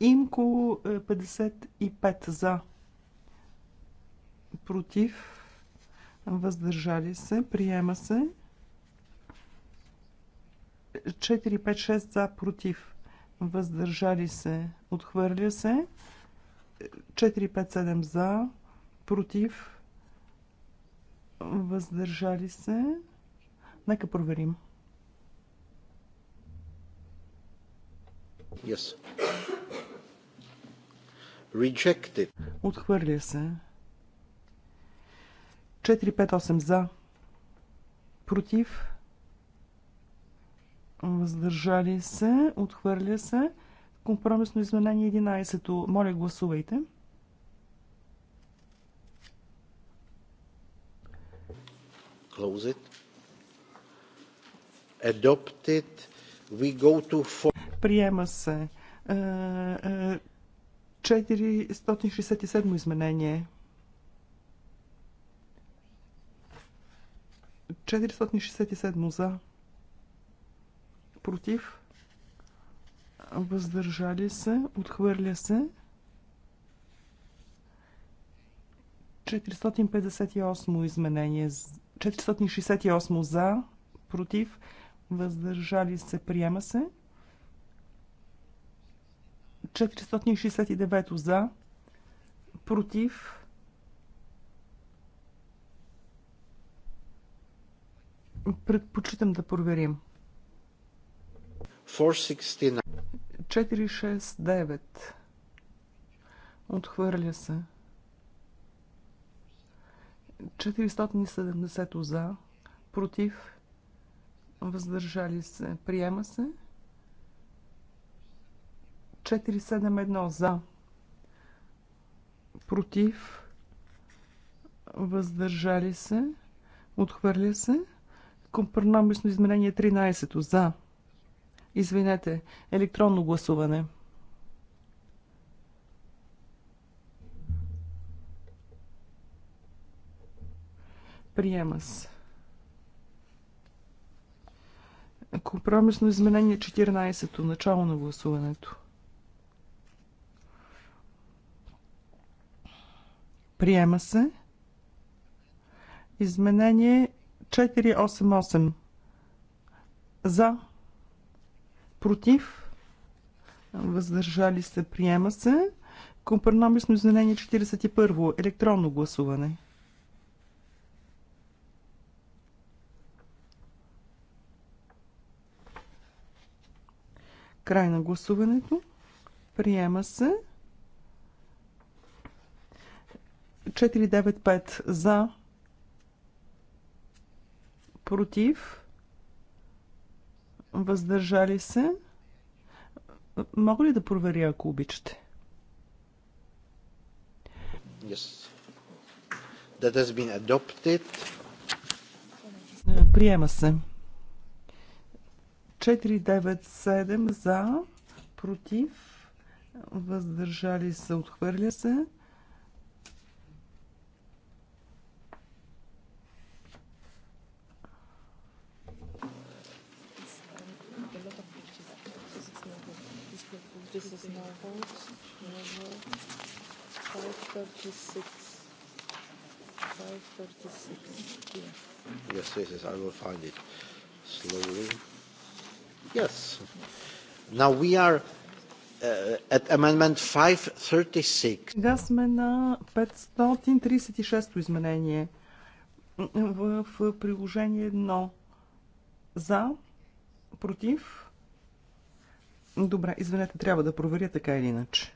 Speaker 2: Имко 55 е, за. Против. Въздържали се. Приема се. 4-5-6 за против. Въздържали се. Отхвърля се. 4-5-7 за против. Въздържали се. Нека проверим.
Speaker 1: Yes. Rejected.
Speaker 2: Отхвърля се. 4-5-8 за против въздържали се, отхвърля се. Компромисно изменение 11-то. Моля, гласувайте.
Speaker 1: Close it. Adopted. We go to for.
Speaker 2: Приема се. 467 е, е, изменение. 467 за против, въздържали се, отхвърля се. 458 изменение, 468 за, против, въздържали се, приема се. 469 за, против, предпочитам да проверим. 469. Отхвърля се. 470 за, против, въздържали се, приема се. 471 за, против, въздържали се, отхвърля се. Компромисно изменение 13 за, Извинете, електронно гласуване. Приема се. Компромисно изменение 14-то, начало на гласуването. Приема се. Изменение 488. За против, въздържали се, приема се. Компарномисно изменение 41. Електронно гласуване. Край на гласуването. Приема се. 495 за. Против въздържали се. Мога ли да проверя, ако обичате? Yes.
Speaker 1: That has been adopted.
Speaker 2: Е, приема се. 497 за, против, въздържали се, отхвърля се.
Speaker 1: Yes, yes, yes, I will find it slowly. Yes. Now we are uh, at amendment 536.
Speaker 2: Сега сме на 536-то изменение в приложение 1. За, против, Добре, извинете, трябва да проверя така или иначе.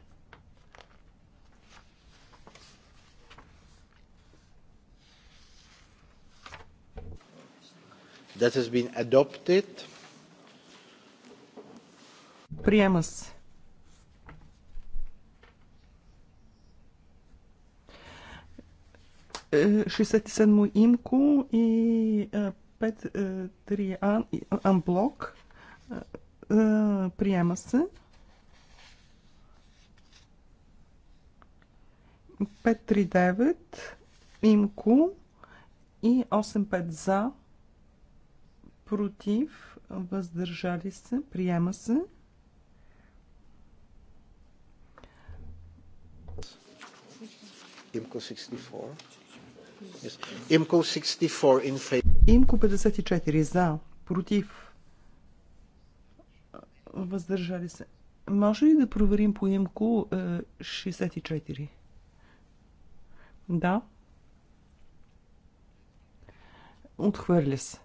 Speaker 1: That has been adopted.
Speaker 2: Приема се. Е, 67 имко и 5-3 анблок. Ан е, приема се. 539 имко и 85 за против въздържали се приема се
Speaker 1: Имко 64
Speaker 2: Имко 64, in Имко 54 за против въздържали се. Може ли да проверим по имко 64? Е, да. Отхвърля се.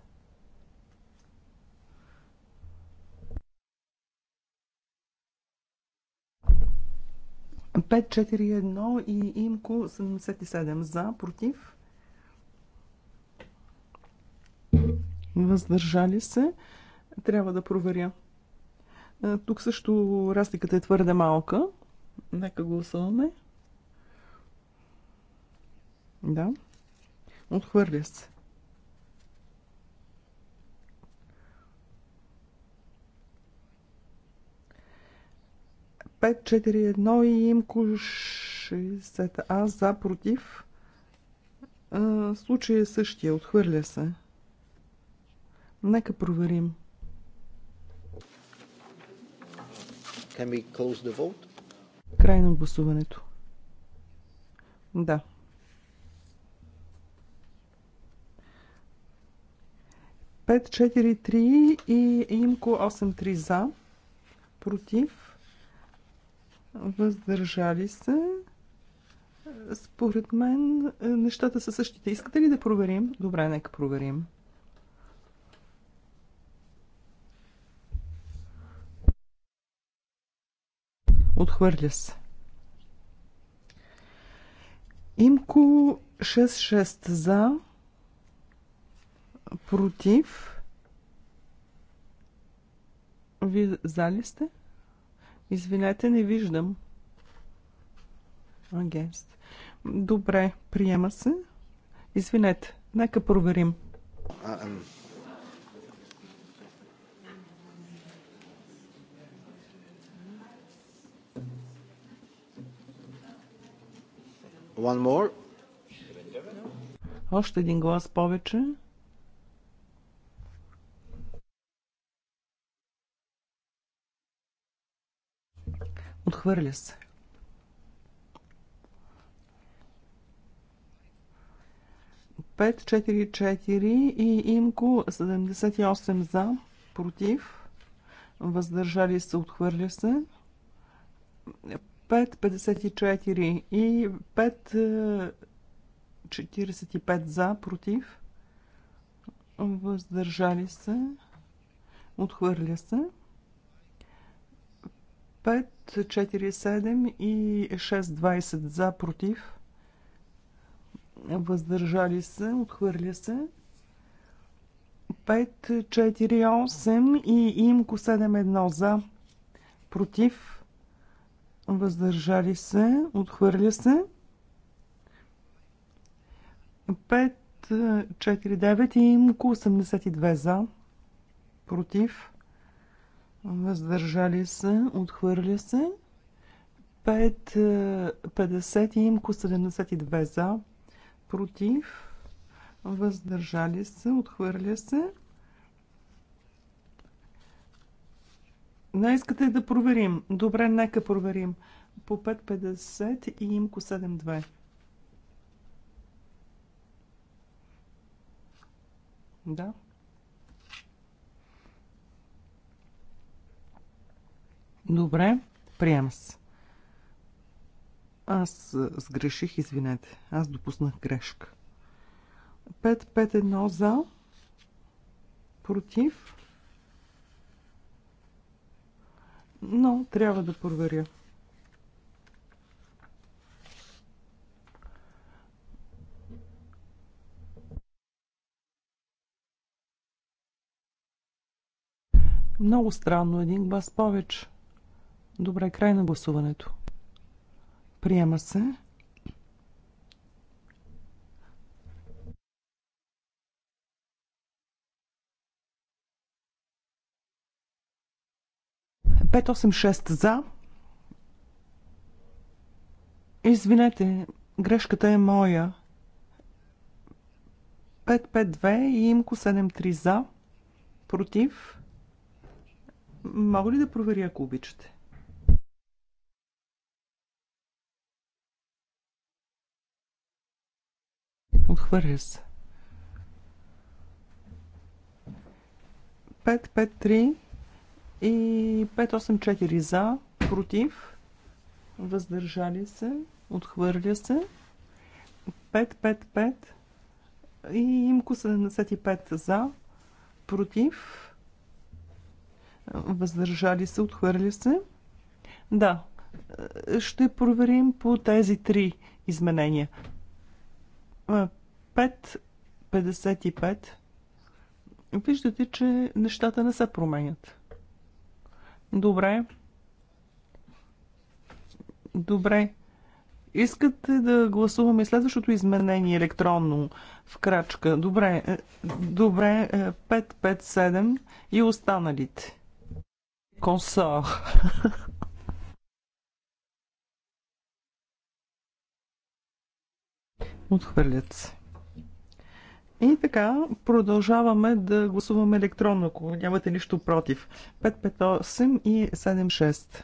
Speaker 2: Пет, четири, едно и имко 77 за, против. Въздържали се. Трябва да проверя. Е, тук също разликата е твърде малка. Нека гласуваме. Да. Отхвърля се. Пет, четири, едно и имко 60 А за против. Е, случай е същия. Отхвърля се. Нека проверим.
Speaker 1: Can we close the vote?
Speaker 2: Край на гласуването. Да. Пет, четири, три и имко 8-3 за. Против. Въздържали се. Според мен е, нещата са същите. Искате ли да проверим? Добре, нека проверим. Отхвърля се. Имко 6-6 за. Против. Вие за ли сте? Извинете, не виждам. Агенст. Добре, приема се. Извинете, нека проверим. One more. Още един глас повече. Отхвърля се. Пет, четири, четири и имко 78 за, против, въздържали се, отхвърля се. 5,54 и 5,45 е, за, против, въздържали се, отхвърля се. 5,47 и 6,20 за, против, въздържали се, отхвърля се. 5,48 и имко 7,1 за, против, въздържали се, отхвърля се. 5, 4, 9 и около 82 за, против, въздържали се, отхвърля се. 5, 50 и имко 72 за, против, въздържали се, отхвърля се. Не искате да проверим. Добре, нека проверим. По 5.50 и имко 7.2. Да. Добре, приема се. Аз сгреших, извинете. Аз допуснах грешка. 5-5-1 за. Против. но трябва да проверя. Много странно, един глас повече. Добре, край на гласуването. Приема се. 586 за. Извинете, грешката е моя. 552 и имко 73 за. Против. Мога ли да проверя, ако обичате? Отхвърля се. 553 и 584 за, против, въздържали се, отхвърля се. 555 и имко 75 за, против, въздържали се, отхвърля се. Да, ще проверим по тези три изменения. 5, 55, Виждате, че нещата не се променят. Добре. Добре. Искате да гласуваме следващото изменение електронно в крачка. Добре. Е, добре. 557 е, и останалите. Консор. Отхвърлят се. И така, продължаваме да гласуваме електронно, ако нямате нищо против. 558 и 76.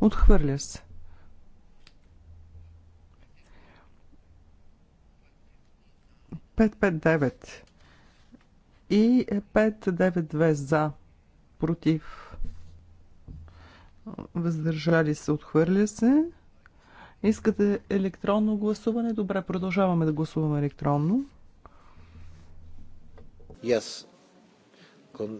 Speaker 2: Отхвърля се. Пет пет девет и 5-9-2 за против въздържали се, отхвърля се. Искате електронно гласуване? Добре, продължаваме да гласуваме електронно.
Speaker 1: Yes. Con...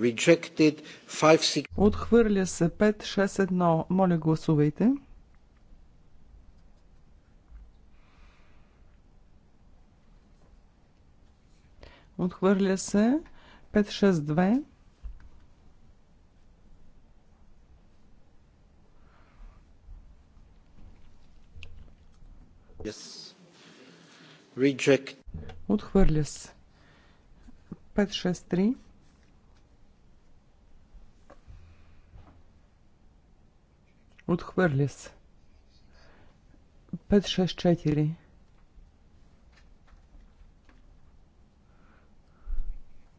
Speaker 1: Rejected
Speaker 2: 5, Отхвърля се 5-6-1. Моля, гласувайте. Отхвърля се. 562.
Speaker 1: Yes. Reject.
Speaker 2: Отхвърля се. 563. Отхвърля се. 564.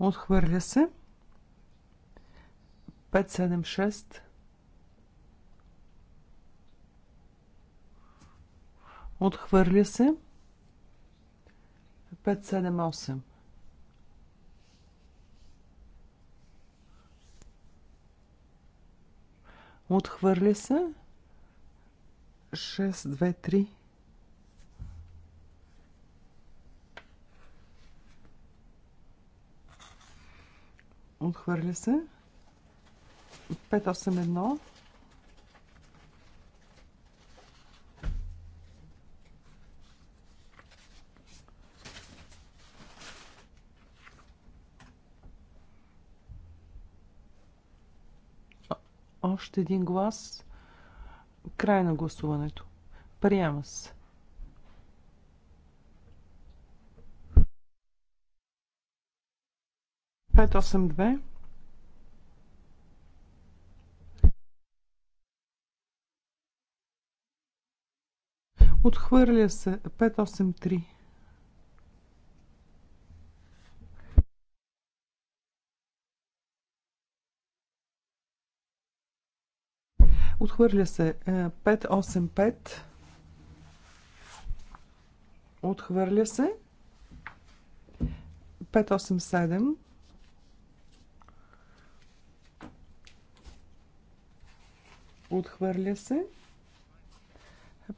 Speaker 2: Отхвърля се. 5-7-6. Отхвърля се. 5-7-8. Отхвърля се. 6, 2, 3. Отхвърля се. 581. Още един глас. Край на гласуването. Приема се. 582. Отхвърля се 583. Отхвърля се 585. Е, Отхвърля се 587. Отхвърля се.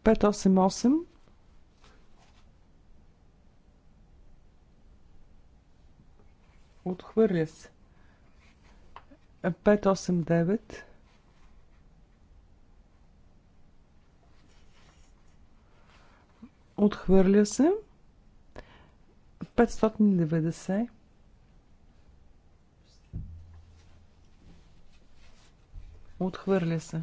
Speaker 2: 588. Отхвърля се. 589. Отхвърля се. 590. Отхвърля се.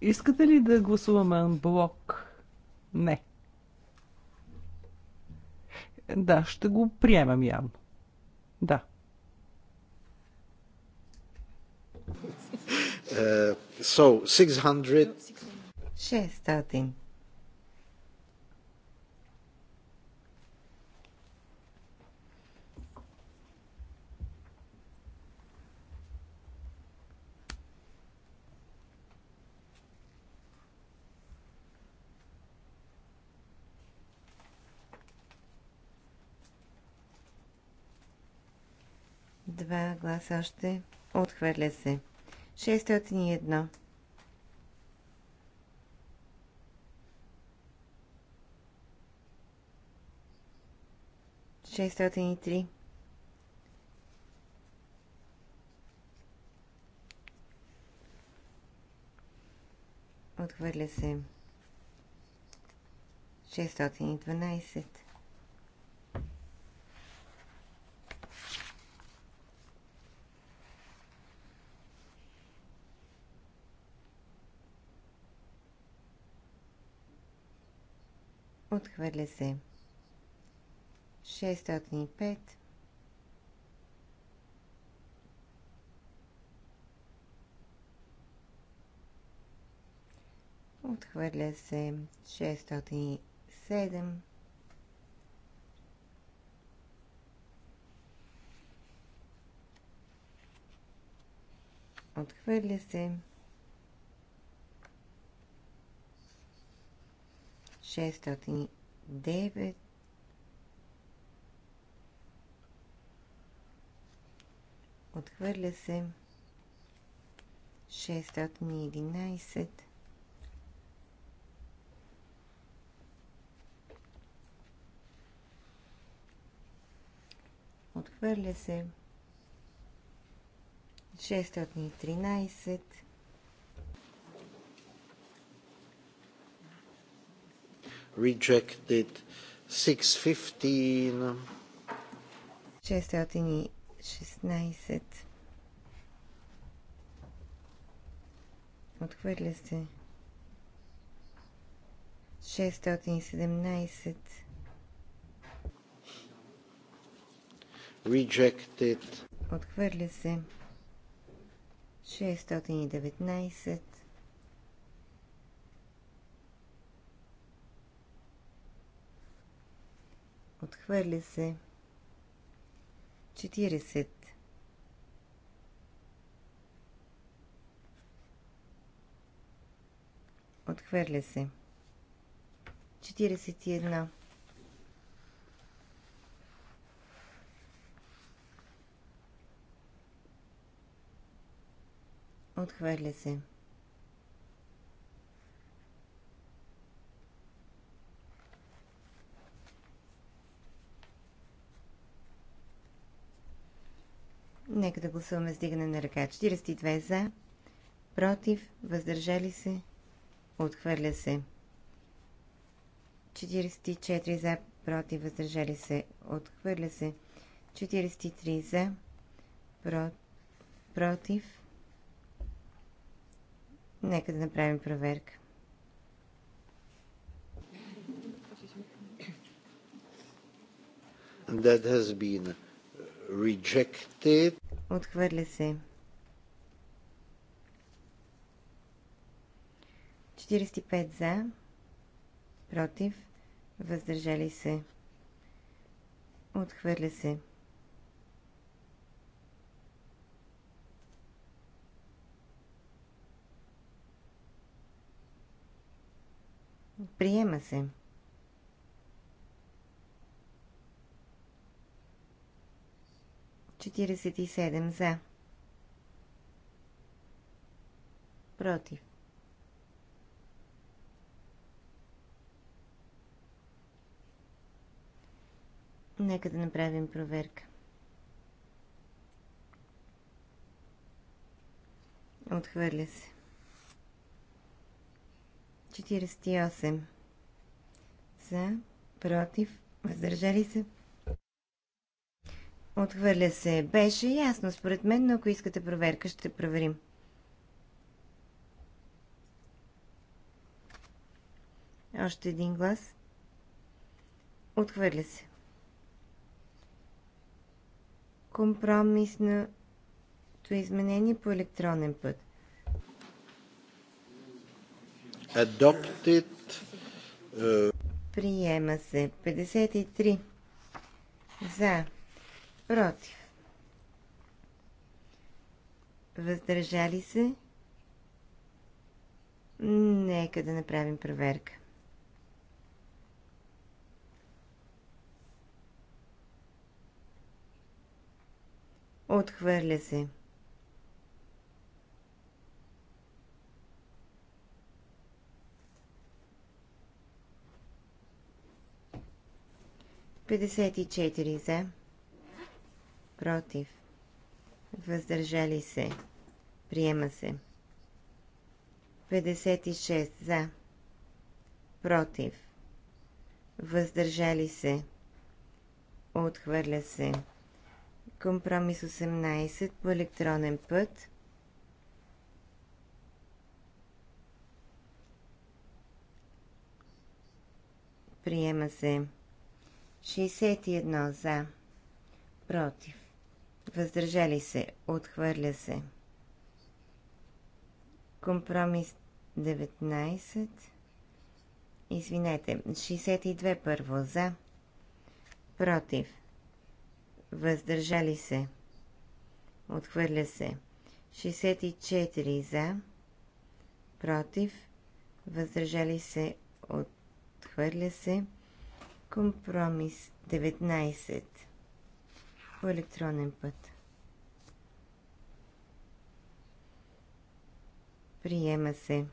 Speaker 2: Искате ли да гласуваме блок? Не. Да, ще го приемам явно. Да.
Speaker 1: Uh, so, 600...
Speaker 3: 600. два гласа още. Отхвърля се. 601. Шестстотин Отхвърля се. 612. Отхвърля се. 605. Отхвърля се 607. Отхвърля се 608 609 Отхвърля се 611 Отхвърля се 613
Speaker 1: rejected 615
Speaker 3: 616 Отхвърля се 617 rejected Отхвърля се 619 Отхвърля се. 40. Отхвърля се. 41. Отхвърля се. 42. Нека да гласуваме с дигане на ръка. 42 за, против, въздържали се, отхвърля се. 44 за, против, въздържали се, отхвърля се. 43 за, про, против. Нека да направим проверка.
Speaker 1: That has been
Speaker 3: rejected. Отхвърля се. 45 за, против, въздържали се. Отхвърля се. Приема се. 47 за. Против. Нека да направим проверка. Отхвърля се. 48. За, против, въздържали се, Отхвърля се. Беше ясно, според мен, но ако искате проверка, ще проверим. Още един глас. Отхвърля се. Компромисното изменение по електронен път.
Speaker 1: Adopted.
Speaker 3: Приема се. 53. За против. Въздържали се? Нека да направим проверка. Отхвърля се. Пятьдесят и четири за против, въздържали се, приема се. 56 за, против, въздържали се, отхвърля се. Компромис 18 по електронен път. Приема се. 61 за. Против въздържали се, отхвърля се. Компромис 19, извинете, 62 първо за, против, въздържали се, отхвърля се. 64 за, против, въздържали се, отхвърля се. Компромис 19 по електронен път. Приема се.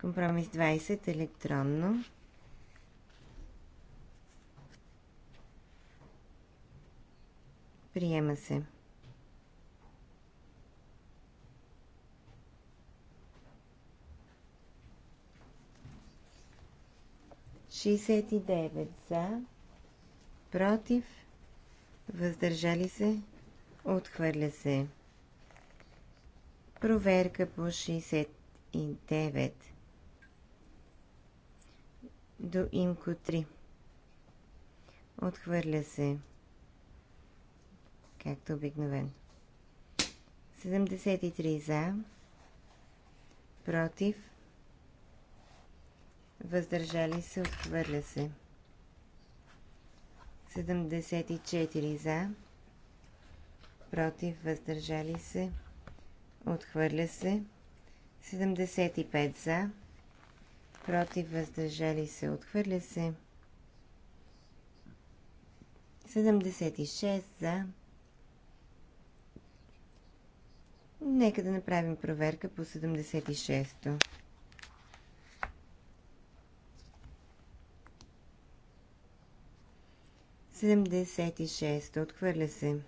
Speaker 3: Компромис 20 електронно. Приема се. Шестьдесят девять за против, въздържали се, отхвърля се. Проверка по 69 до имко 3. Отхвърля се, както обикновен. 73 за, против, въздържали се, отхвърля се. 74 за, против, въздържали се, отхвърля се. 75 за, против, въздържали се, отхвърля се. 76 за. Нека да направим проверка по 76-то. 76. Отхвърля се.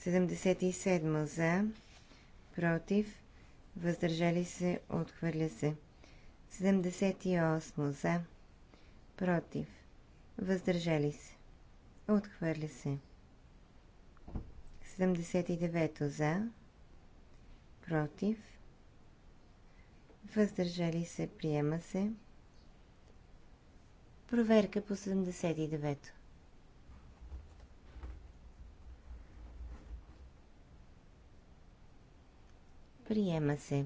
Speaker 3: 77. За. Против. Въздържали се. Отхвърля се. 78. За. Против. Въздържали се. Отхвърля се. 79. За. Против. Въздържали се. Приема се. Проверка по 79. Приема се.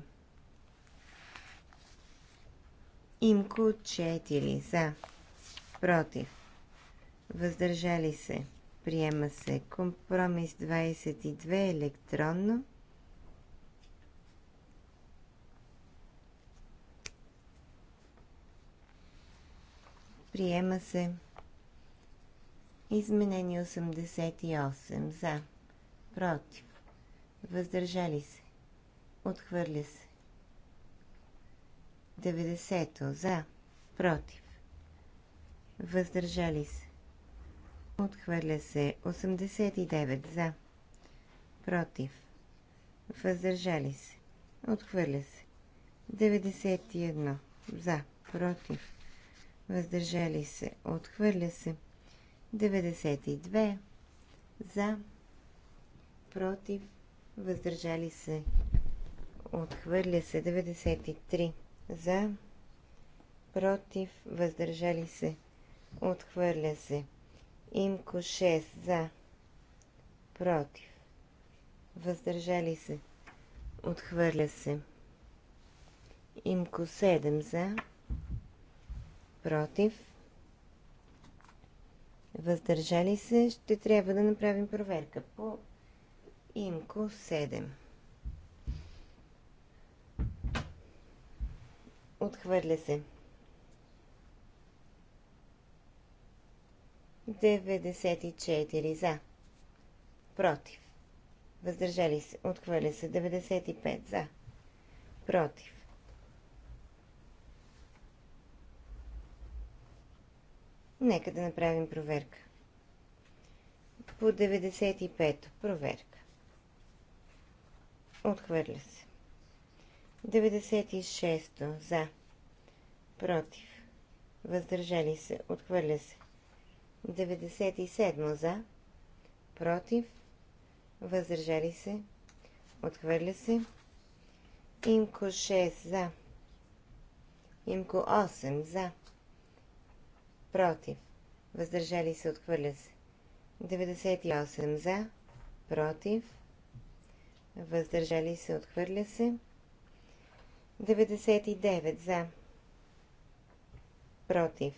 Speaker 3: Имко 4 за. Против. Въздържали се. Приема се. Компромис 22 електронно. Приема се. Изменени 88 за. Против. Въздържали се. Отхвърля се. 90 за. Против. Въздържали се. Отхвърля се. 89 за. Против. Въздържали се. Отхвърля се. 91 за. Против. Въздържали се. Отхвърля се. 92 за. Против. Въздържали се. Отхвърля се 93. За. Против. Въздържали се. Отхвърля се. Имко 6. За. Против. Въздържали се. Отхвърля се. Имко 7. За. Против. Въздържали се. Ще трябва да направим проверка по Имко 7. Отхвърля се. 94 за. Против. Въздържали се. Отхвърля се. 95 за. Против. Нека да направим проверка. По 95 проверка. Отхвърля се. 96 за. Против. Въздържали се. Отхвърля се. 97 за. Против. Въздържали се. Отхвърля се. Имко 6 за. Имко 8 за. Против. Въздържали се. Отхвърля се. 98 за. Против. Въздържали се. Отхвърля се. 99 за. Против.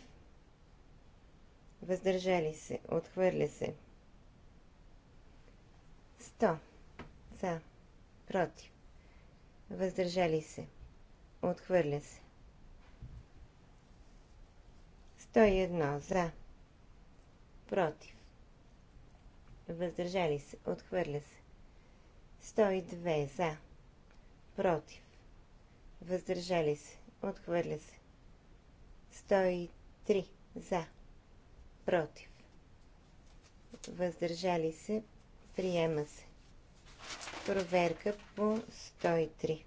Speaker 3: Въздържали се. Отхвърля се. 100 за. Против. Въздържали се. Отхвърля се. 101 за. Против. Въздържали се. Отхвърля се. 102 за. Против въздържали се, отхвърля се. 103 за, против, въздържали се, приема се. Проверка по 103.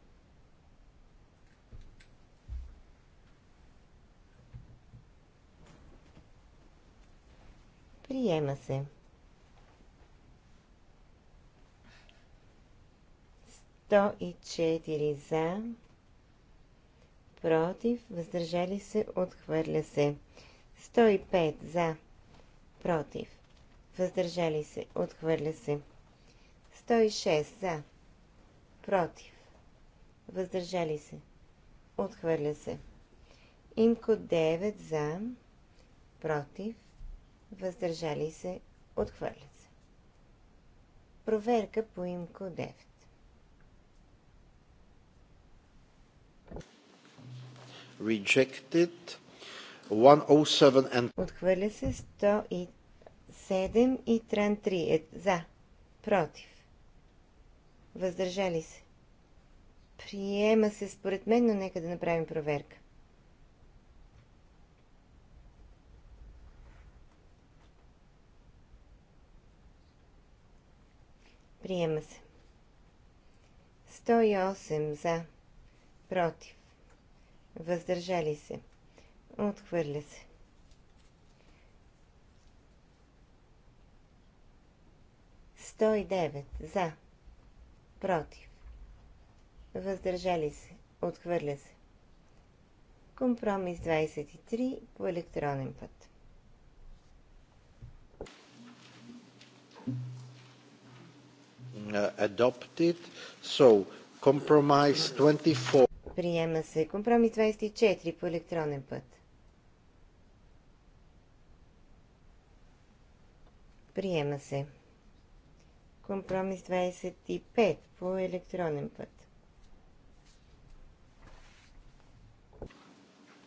Speaker 3: Приема се. 104 за, против, въздържали се, отхвърля се. 105 за, против, въздържали се, отхвърля се. 106 за, против, въздържали се, отхвърля се. Имко 9 за, против, въздържали се, отхвърля се. Проверка по имко 9. Rejected. 107 and... Отхвърля се 107 и Тран 3. Е, за. Против. Въздържали се. Приема се според мен, но нека да направим проверка. Приема се. 108 за. Против въздържали се, отхвърля се. Сто и девет за, против, въздържали се, отхвърля се. Компромис 23 по електронен път. adopted. So compromise 24. Приема се. Компромис 24 по електронен път. Приема се. Компромис 25 по електронен път.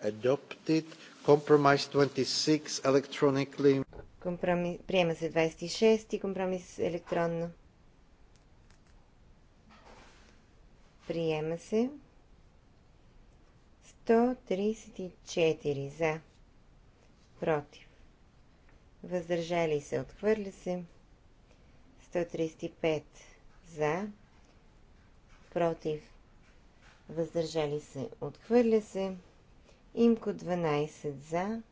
Speaker 1: Adopted. Compromise 26 electronically.
Speaker 3: Компромис... Приема се 26 и компромис електронно. Приема се. 134 за, против, въздържали се, отхвърля се, 135 за, против, въздържали се, отхвърля се, имко 12 за,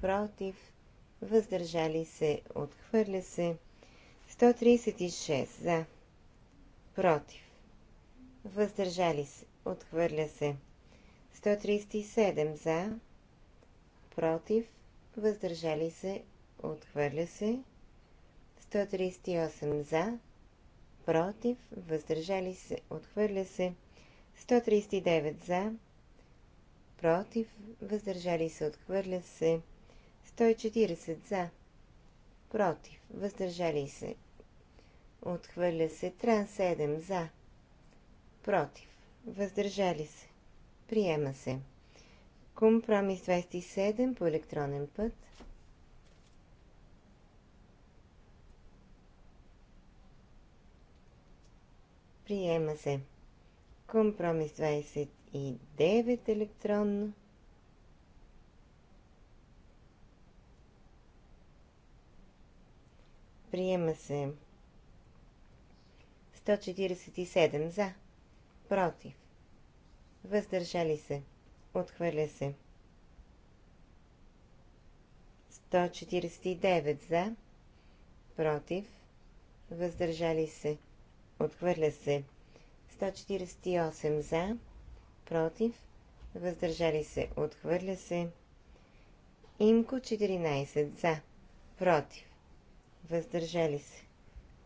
Speaker 3: против, въздържали се, отхвърля се, 136 за, против, въздържали се, отхвърля се, 137 за, против, въздържали се, отхвърля се. 138 за, против, въздържали се, отхвърля се. 139 за, против, въздържали се, отхвърля се. 140 за, против, въздържали се, отхвърля се. Тран 7 за, против, въздържали се, Приема се. Компромис 27 по електронен път. Приема се. Компромис 29 електронно. Приема се. 147 за. Против въздържали се, отхвърля се. 149 за, против, въздържали се, отхвърля се. 148 за, против, въздържали се, отхвърля се. Имко 14 за, против, въздържали се,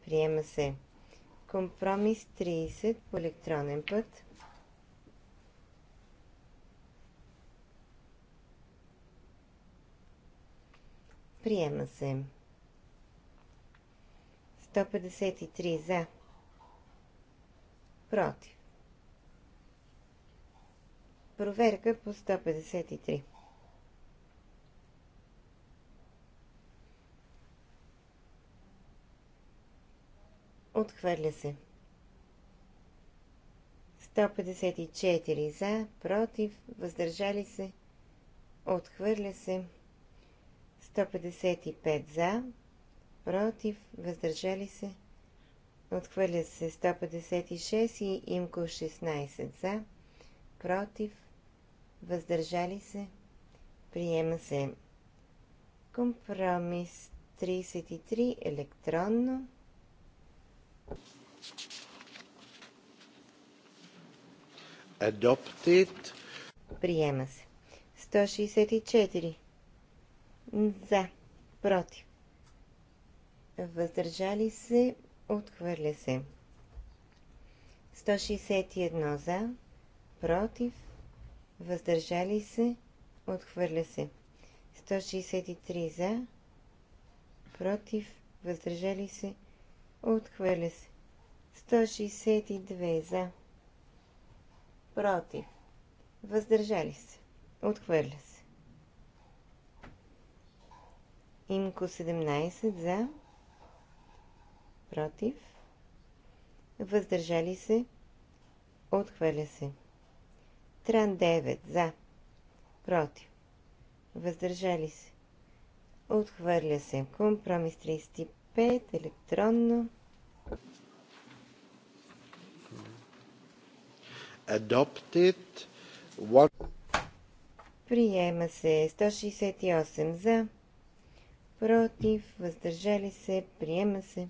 Speaker 3: приема се. Компромис 30 по електронен път. Приема се. 153 за. Против. Проверка по 153. Отхвърля се. 154 за, против, въздържали се. Отхвърля се. 155 за, против, въздържали се. Отхвърля се 156 и имко 16 за, против, въздържали се. Приема се компромис 33 електронно.
Speaker 1: Adopted.
Speaker 3: Приема се. 164 за. Против. Въздържали се. Отхвърля се. 161 за. Против. Въздържали се. Отхвърля се. 163 за. Против. Въздържали се. Отхвърля се. 162 за. Против. Въздържали се. Отхвърля се. Имко 17 за, против, въздържали се, отхвърля се. Тран 9 за, против, въздържали се, отхвърля се. Компромис 35 електронно.
Speaker 1: Adopted. What...
Speaker 3: Приема се 168 за против, въздържали се, приема се.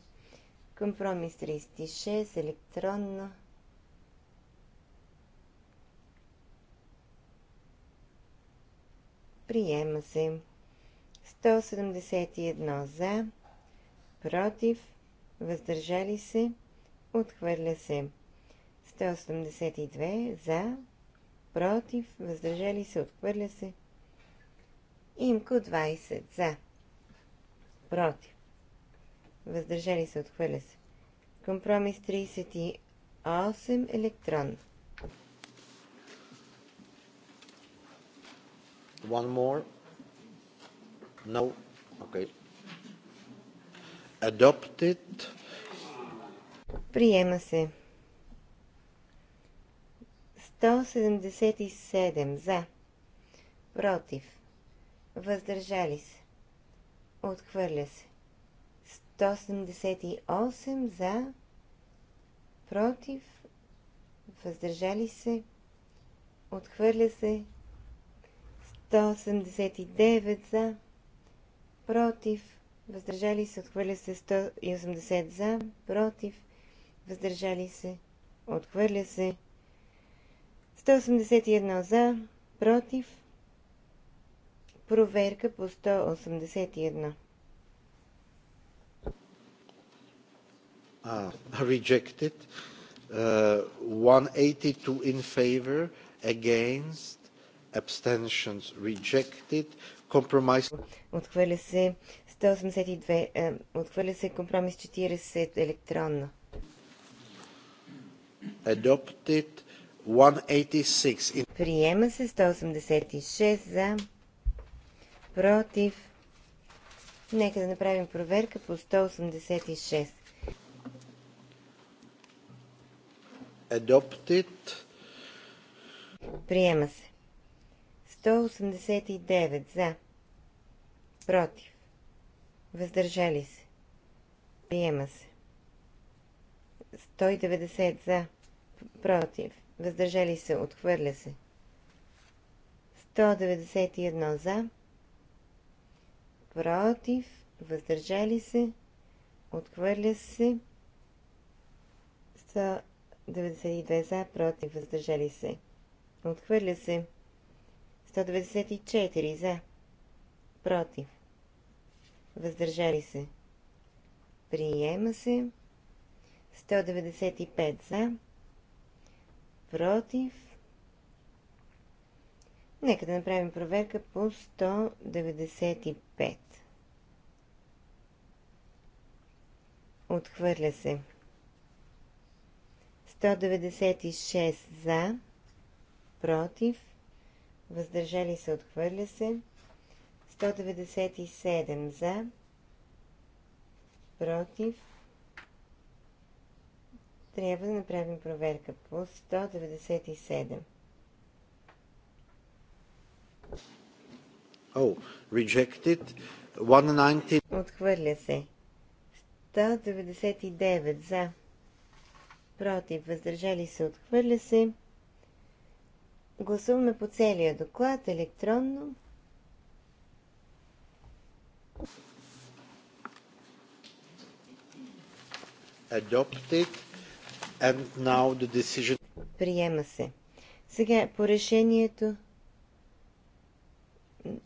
Speaker 3: Компромис 36, електронно. Приема се. 171 за, против, въздържали се, отхвърля се. 182 за, против, въздържали се, отхвърля се. Имко 20 за против, въздържали се, отхвърля се. Компромис 38 електрон.
Speaker 1: One more. No. Okay.
Speaker 3: Adopted. Приема се. 177 за. Против. Въздържали се. Отхвърля се. 178 за, против, въздържали се. Отхвърля се. 189 за, против, въздържали се. Отхвърля се 180 за, против, въздържали се. Отхвърля се. 181 за, против, Проверка по 181.
Speaker 1: Uh, rejected. Uh, 182 in favor, against, abstentions rejected. Compromise.
Speaker 3: Отхвърля се 182. Uh, отхвърля се компромис 40 електронно. Adopted 186. In... Приема се 186 за против. Нека да направим проверка по 186.
Speaker 1: Adopted.
Speaker 3: Приема се. 189 за. Против. Въздържали се. Приема се. 190 за. Против. Въздържали се. Отхвърля се. 191 за против, въздържали се, отхвърля се, 192 за, против, въздържали се, отхвърля се, 194 за, против, въздържали се, приема се, 195 за, против, Нека да направим проверка по 195. Отхвърля се. 196 за, против, въздържали се, отхвърля се. 197 за, против. Трябва да направим проверка по 197.
Speaker 1: Oh, rejected. 190.
Speaker 3: Отхвърля се. 199 за. Против. Въздържали се. Отхвърля се. Гласуваме по целия доклад електронно.
Speaker 1: Adopted and now the decision.
Speaker 3: Приема се. Сега по решението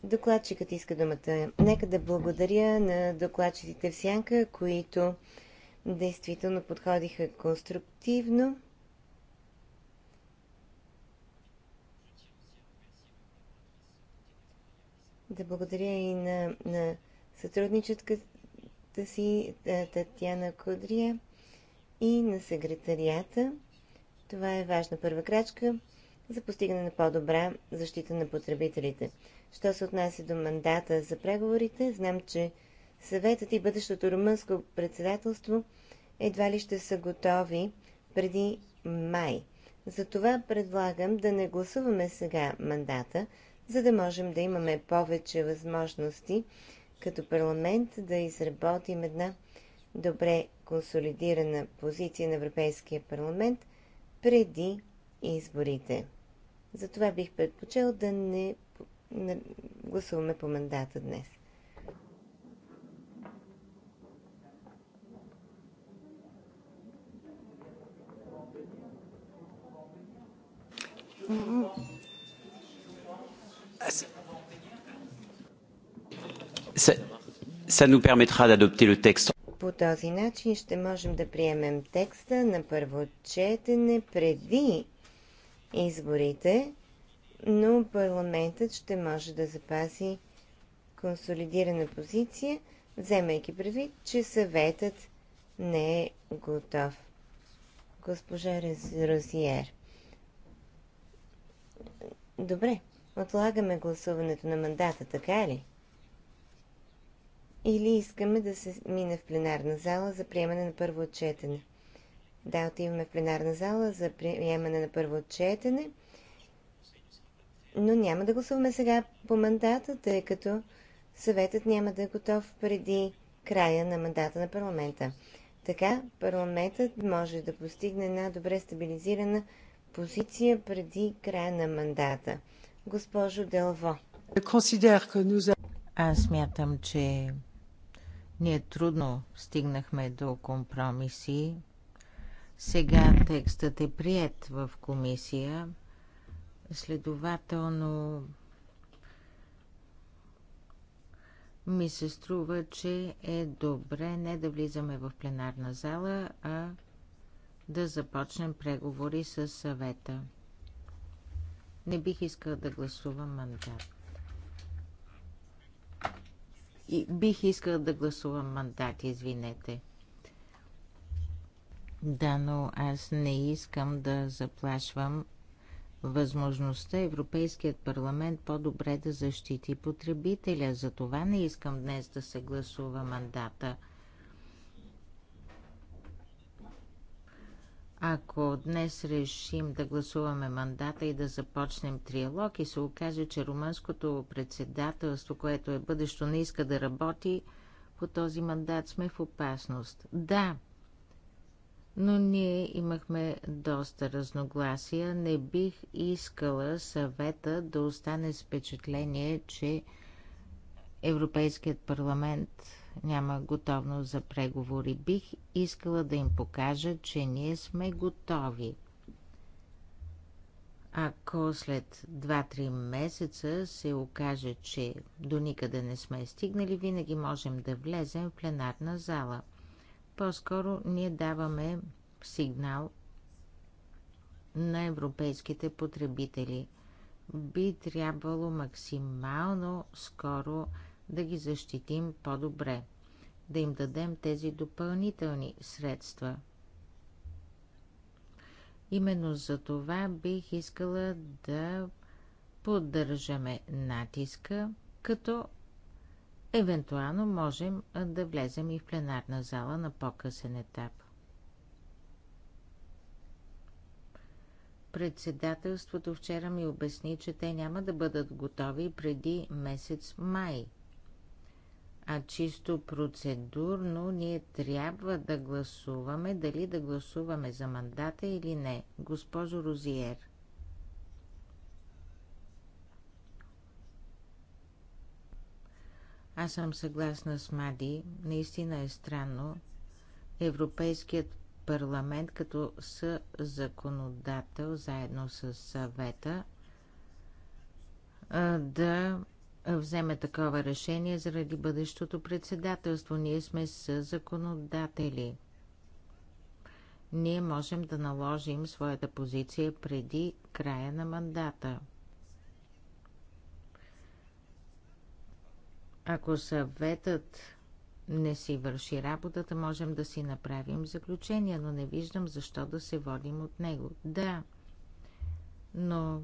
Speaker 3: Докладчикът иска думата. Нека да благодаря на докладчиците в Сянка, които действително подходиха конструктивно. Да благодаря и на, на сътрудничетката си е, Татьяна Кудрия и на секретарията. Това е важна първа крачка за постигане на по-добра защита на потребителите. Що се отнася до мандата за преговорите, знам, че съветът и бъдещото румънско председателство едва ли ще са готови преди май. Затова предлагам да не гласуваме сега мандата, за да можем да имаме повече възможности като парламент да изработим една добре консолидирана позиция на Европейския парламент преди изборите. Затова бих предпочел да не гласуваме по мандата днес. По този начин ще можем да приемем текста на първо четене преди изборите, но парламентът ще може да запази консолидирана позиция, вземайки предвид, че съветът не е готов. Госпожа Розиер. Добре, отлагаме гласуването на мандата, така е ли? Или искаме да се мине в пленарна зала за приемане на първо отчетене? Да, отиваме в пленарна зала за приемане на първо четене, но няма да гласуваме сега по мандата, тъй като съветът няма да е готов преди края на мандата на парламента. Така парламентът може да постигне една добре стабилизирана позиция преди края на мандата. Госпожо Делво.
Speaker 4: Аз смятам, че ние трудно стигнахме до компромиси сега текстът е прият в комисия. Следователно ми се струва, че е добре не да влизаме в пленарна зала, а да започнем преговори с съвета. Не бих искал да гласувам мандат. И бих искал да гласувам мандат, извинете. Да, но аз не искам да заплашвам възможността Европейският парламент по-добре да защити потребителя. За това не искам днес да се гласува мандата. Ако днес решим да гласуваме мандата и да започнем триалог и се окаже, че румънското председателство, което е бъдещо, не иска да работи по този мандат, сме в опасност. Да, но ние имахме доста разногласия. Не бих искала съвета да остане с впечатление, че Европейският парламент няма готовност за преговори. Бих искала да им покажа, че ние сме готови. Ако след 2-3 месеца се окаже, че до никъде не сме стигнали, винаги можем да влезем в пленарна зала – по-скоро ние даваме сигнал на европейските потребители. Би трябвало максимално скоро да ги защитим по-добре, да им дадем тези допълнителни средства. Именно за това бих искала да поддържаме натиска, като Евентуално можем да влезем и в пленарна зала на по-късен етап. Председателството вчера ми обясни, че те няма да бъдат готови преди месец май. А чисто процедурно ние трябва да гласуваме дали да гласуваме за мандата или не, госпожо Розиер – Аз съм съгласна с Мади. Наистина е странно. Европейският парламент като съ законодател заедно с съвета да вземе такова решение заради бъдещото председателство. Ние сме с законодатели. Ние можем да наложим своята позиция преди края на мандата. Ако съветът не си върши работата, можем да си направим заключение, но не виждам защо да се водим от него. Да, но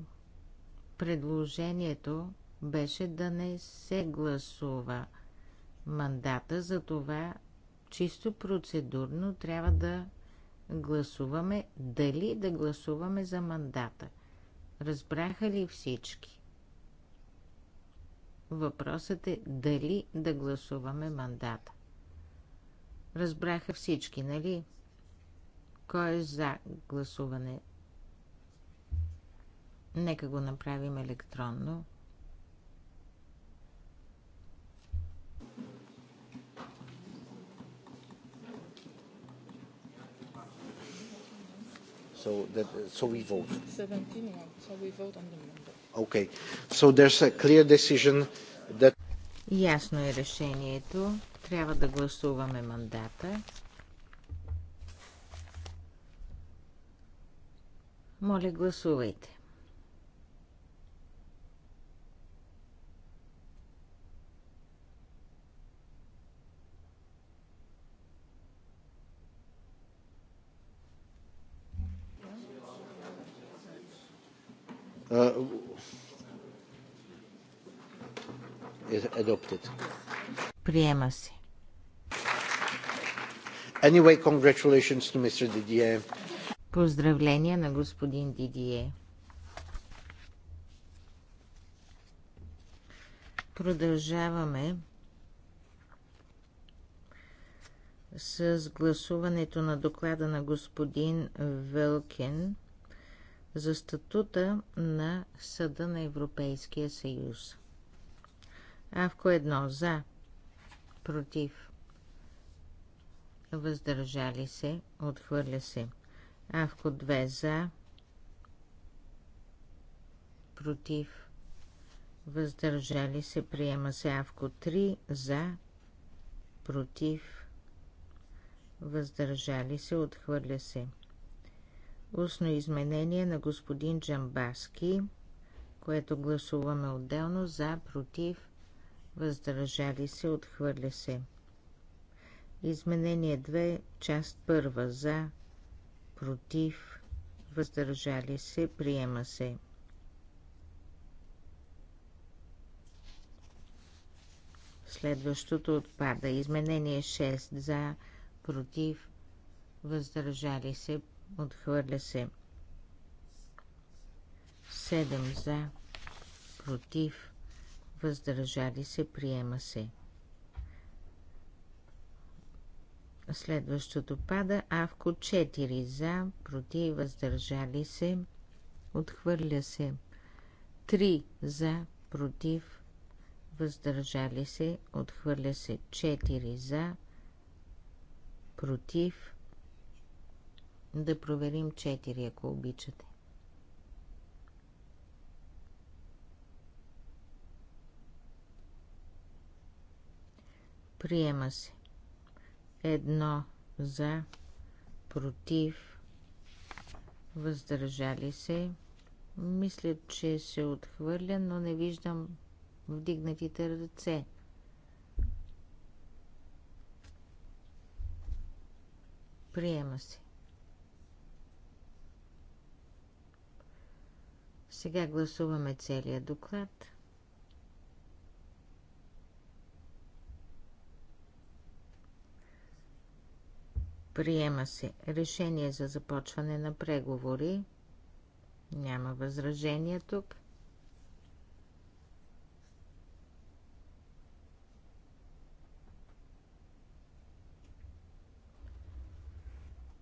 Speaker 4: предложението беше да не се гласува мандата, за това чисто процедурно трябва да гласуваме дали да гласуваме за мандата. Разбраха ли всички? Въпросът е дали да гласуваме мандата. Разбраха всички, нали? Кой е за гласуване? Нека го направим електронно.
Speaker 1: So, that, so we vote.
Speaker 5: 17
Speaker 4: so we vote on the mandate.
Speaker 1: Okay. So there's a clear decision that...
Speaker 4: Ясно е решението. Трябва да гласуваме мандата. Моля, гласувайте. adopted. Приема се.
Speaker 1: Anyway, congratulations to Mr. Didier.
Speaker 4: Поздравления на господин Дидие. Продължаваме с гласуването на доклада на господин Вълкен за статута на Съда на Европейския съюз. Авко едно за. Против. Въздържали се. Отхвърля се. Авко 2 за. Против. Въздържали се. Приема се. Авко 3 за. Против. Въздържали се. Отхвърля се. Устно изменение на господин Джамбаски, което гласуваме отделно за, против, въздържали се, отхвърля се. Изменение 2, част 1 за, против, въздържали се, приема се. Следващото отпада. Изменение 6 за, против, въздържали се, отхвърля се. 7 за, против, въздържали се, приема се. Следващото пада Авко 4 за, против, въздържали се, отхвърля се. 3 за, против, въздържали се, отхвърля се. 4 за, против. Да проверим 4, ако обичате. Приема се. Едно за, против, въздържали се. Мисля, че се отхвърля, но не виждам вдигнатите ръце. Приема се. Сега гласуваме целия доклад. Приема се решение за започване на преговори. Няма възражение тук.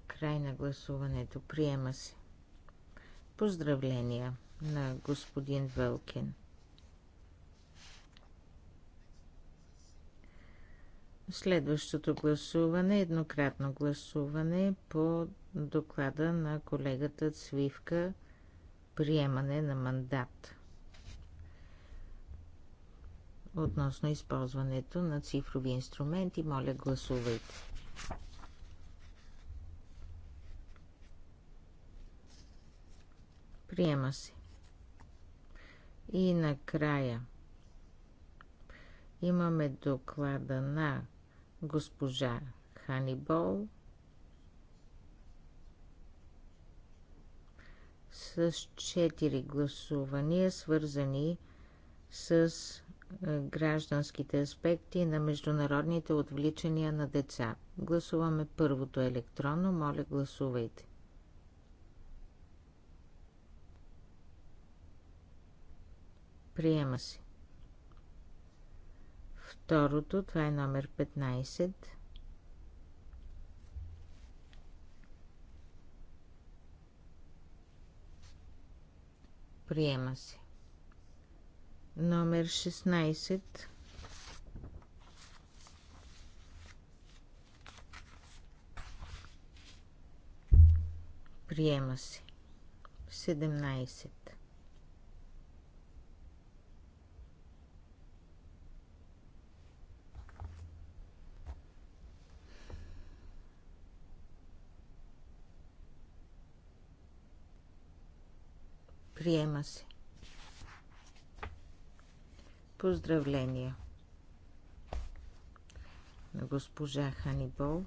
Speaker 4: Край на гласуването. Приема се. Поздравления на господин Вълкин. Следващото гласуване, е еднократно гласуване по доклада на колегата Цвивка приемане на мандат относно използването на цифрови инструменти. Моля, гласувайте. Приема се. И накрая имаме доклада на госпожа Ханибол с четири гласувания, свързани с е, гражданските аспекти на международните отвличания на деца. Гласуваме първото електронно. Моля, гласувайте. Приема се. Второто, това е номер 15. Приема се. Номер 16. Приема се. 17. Приема се. Поздравления на госпожа Ханибол.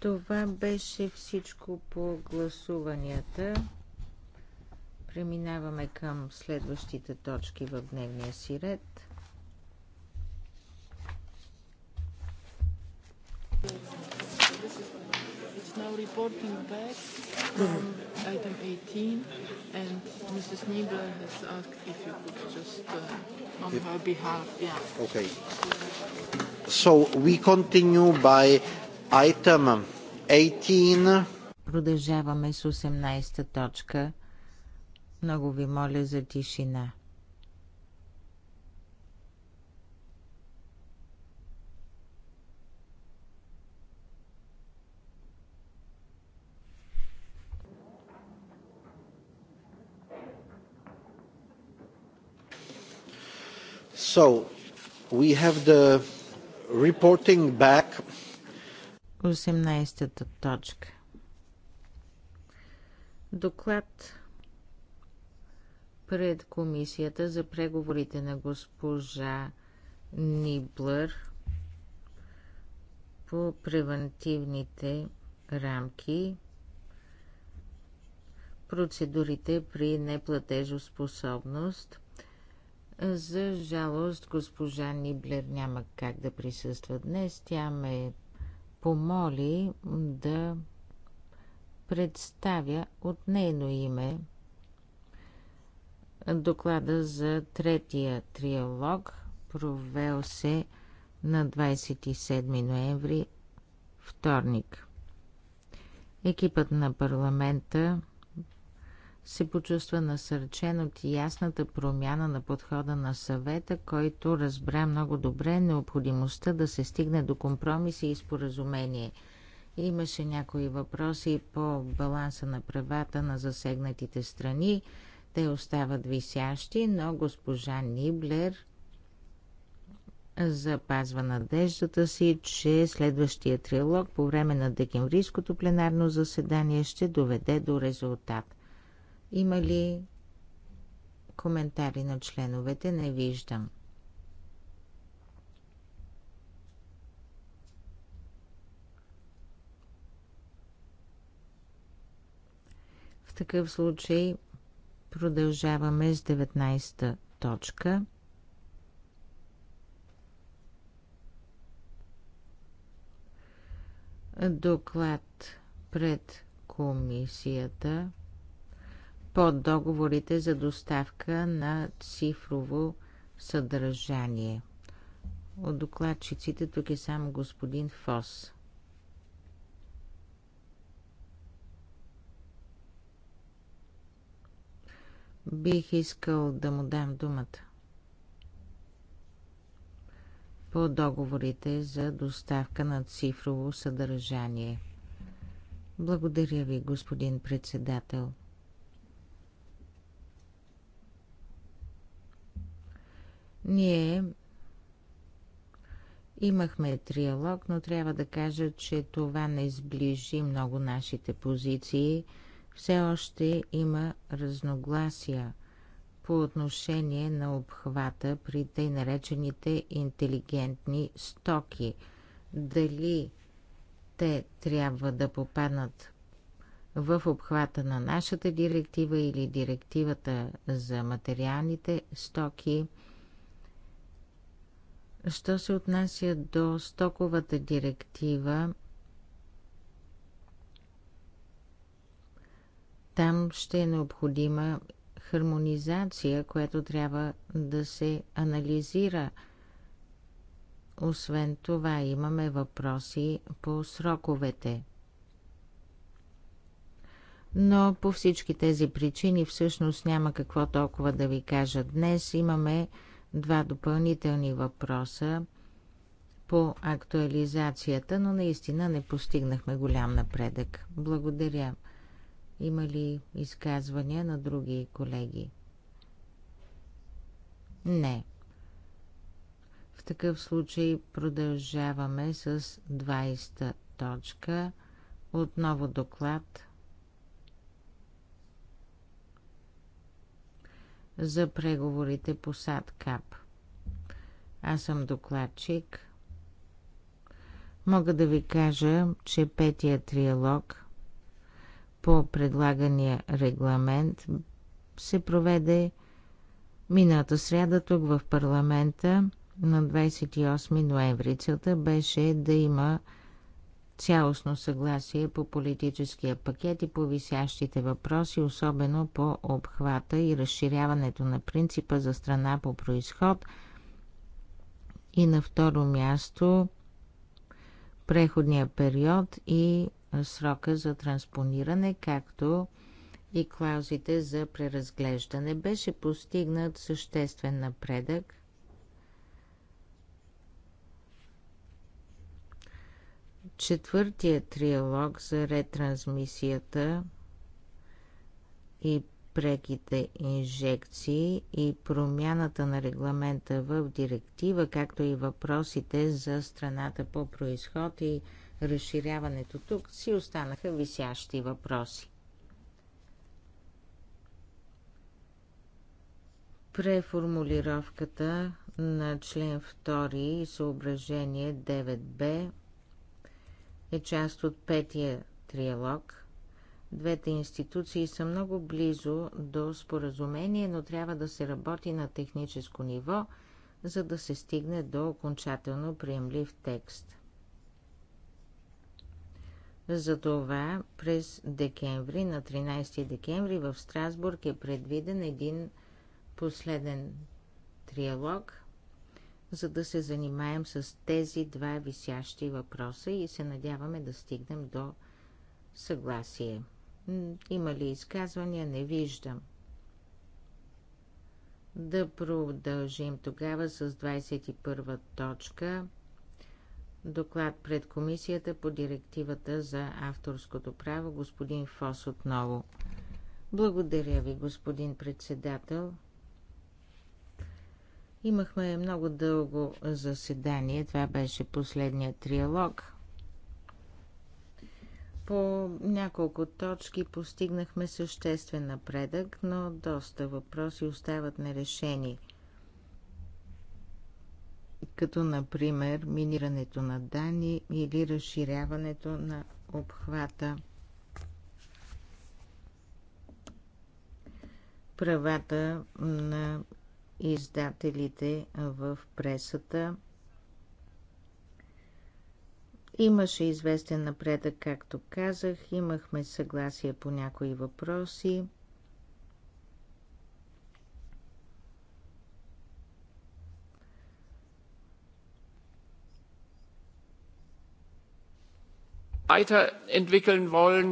Speaker 4: Това беше всичко по гласуванията. Преминаваме към следващите точки в дневния си ред.
Speaker 2: It's now reporting back
Speaker 1: item 18, and Mrs. Niebler has asked if you could just,
Speaker 5: uh, on her behalf, yeah.
Speaker 1: Okay. So we continue by item
Speaker 4: 18. Продължаваме с 18 точка. Много ви моля за тишина.
Speaker 1: So, we have the reporting
Speaker 4: back. 18-та точка. Доклад пред комисията за преговорите на госпожа Ниблър по превентивните рамки, процедурите при неплатежоспособност за жалост, госпожа Ниблер няма как да присъства днес. Тя ме помоли да представя от нейно име доклада за третия триалог, провел се на 27 ноември, вторник. Екипът на парламента се почувства насърчен от ясната промяна на подхода на съвета, който разбра много добре необходимостта да се стигне до компромиси и споразумение. Имаше някои въпроси по баланса на правата на засегнатите страни. Те остават висящи, но госпожа Ниблер запазва надеждата си, че следващия трилог по време на декемврийското пленарно заседание ще доведе до резултат – има ли коментари на членовете? Не виждам. В такъв случай продължаваме с 19-та точка. Доклад пред комисията по договорите за доставка на цифрово съдържание. От докладчиците тук е само господин Фос. Бих искал да му дам думата. По договорите за доставка на цифрово съдържание. Благодаря ви, господин председател. Ние имахме триалог, но трябва да кажа, че това не изближи много нашите позиции. Все още има разногласия по отношение на обхвата при тъй наречените интелигентни стоки. Дали те трябва да попаднат в обхвата на нашата директива или директивата за материалните стоки – Що се отнася до стоковата директива, там ще е необходима хармонизация, която трябва да се анализира. Освен това, имаме въпроси по сроковете. Но по всички тези причини всъщност няма какво толкова да ви кажа. Днес имаме два допълнителни въпроса по актуализацията, но наистина не постигнахме голям напредък. Благодаря. Има ли изказвания на други колеги? Не. В такъв случай продължаваме с 20 точка. Отново доклад за преговорите по САДКАП. Аз съм докладчик. Мога да ви кажа, че петия триалог по предлагания регламент се проведе миналата сряда тук в парламента на 28 ноември. Целта беше да има цялостно съгласие по политическия пакет и по висящите въпроси, особено по обхвата и разширяването на принципа за страна по происход. И на второ място преходния период и срока за транспониране, както и клаузите за преразглеждане. Беше постигнат съществен напредък Четвъртия триалог за ретрансмисията и преките инжекции и промяната на регламента в директива, както и въпросите за страната по происход и разширяването тук, си останаха висящи въпроси. Преформулировката на член 2 и съображение 9b е част от петия триалог. Двете институции са много близо до споразумение, но трябва да се работи на техническо ниво, за да се стигне до окончателно приемлив текст. Затова през декември, на 13 декември в Страсбург е предвиден един последен триалог – за да се занимаем с тези два висящи въпроса и се надяваме да стигнем до съгласие. Има ли изказвания? Не виждам. Да продължим тогава с 21 точка. Доклад пред комисията по директивата за авторското право, господин Фос отново. Благодаря ви, господин председател. Имахме много дълго заседание. Това беше последният триалог. По няколко точки постигнахме съществен напредък, но доста въпроси остават нерешени. Като, например, минирането на данни или разширяването на обхвата. Правата на издателите в пресата. Имаше известен напредък, както казах, имахме съгласие по някои въпроси.
Speaker 5: weiterentwickeln wollen,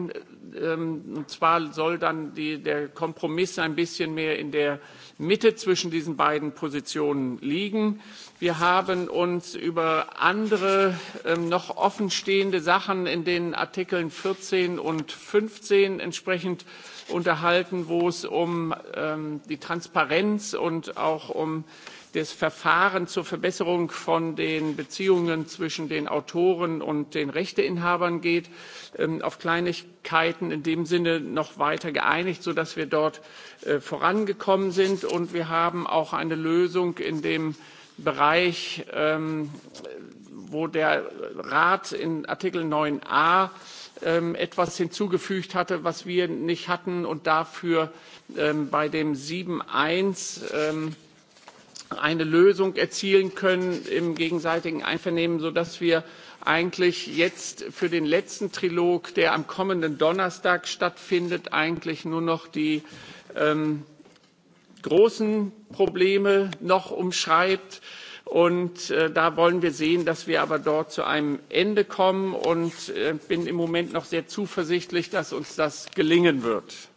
Speaker 5: Und zwar soll dann die, der Kompromiss ein bisschen mehr in der Mitte zwischen diesen beiden Positionen liegen. Wir haben uns über andere noch offenstehende Sachen in den Artikeln 14 und 15 entsprechend unterhalten, wo es um die Transparenz und auch um die des Verfahren zur Verbesserung von den Beziehungen zwischen den Autoren und den Rechteinhabern geht, auf Kleinigkeiten in dem Sinne noch weiter geeinigt, sodass wir dort vorangekommen sind. Und wir haben auch eine Lösung in dem Bereich, wo der Rat in Artikel 9a etwas hinzugefügt hatte, was wir nicht hatten und dafür bei dem 7.1 eine Lösung erzielen können im gegenseitigen Einvernehmen, sodass wir eigentlich jetzt für den letzten Trilog, der am kommenden Donnerstag stattfindet, eigentlich nur noch die großen Probleme noch umschreibt. Und da wollen wir sehen, dass wir aber dort zu einem Ende kommen. Und bin im Moment noch sehr zuversichtlich, dass uns das gelingen wird.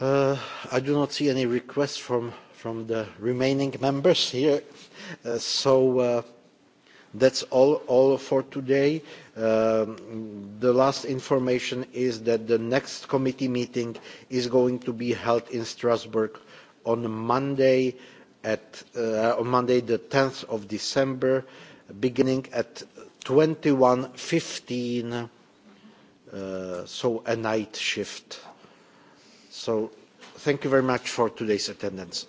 Speaker 1: Uh, I do not see any requests from, from the remaining members here, uh, so uh, that's all, all for today. the last information is that the next committee meeting is going to be held in Strasbourg on Monday, at, uh, on Monday the 10th of December, beginning at 21.15, uh, so a night shift So thank you very much for today's attendance.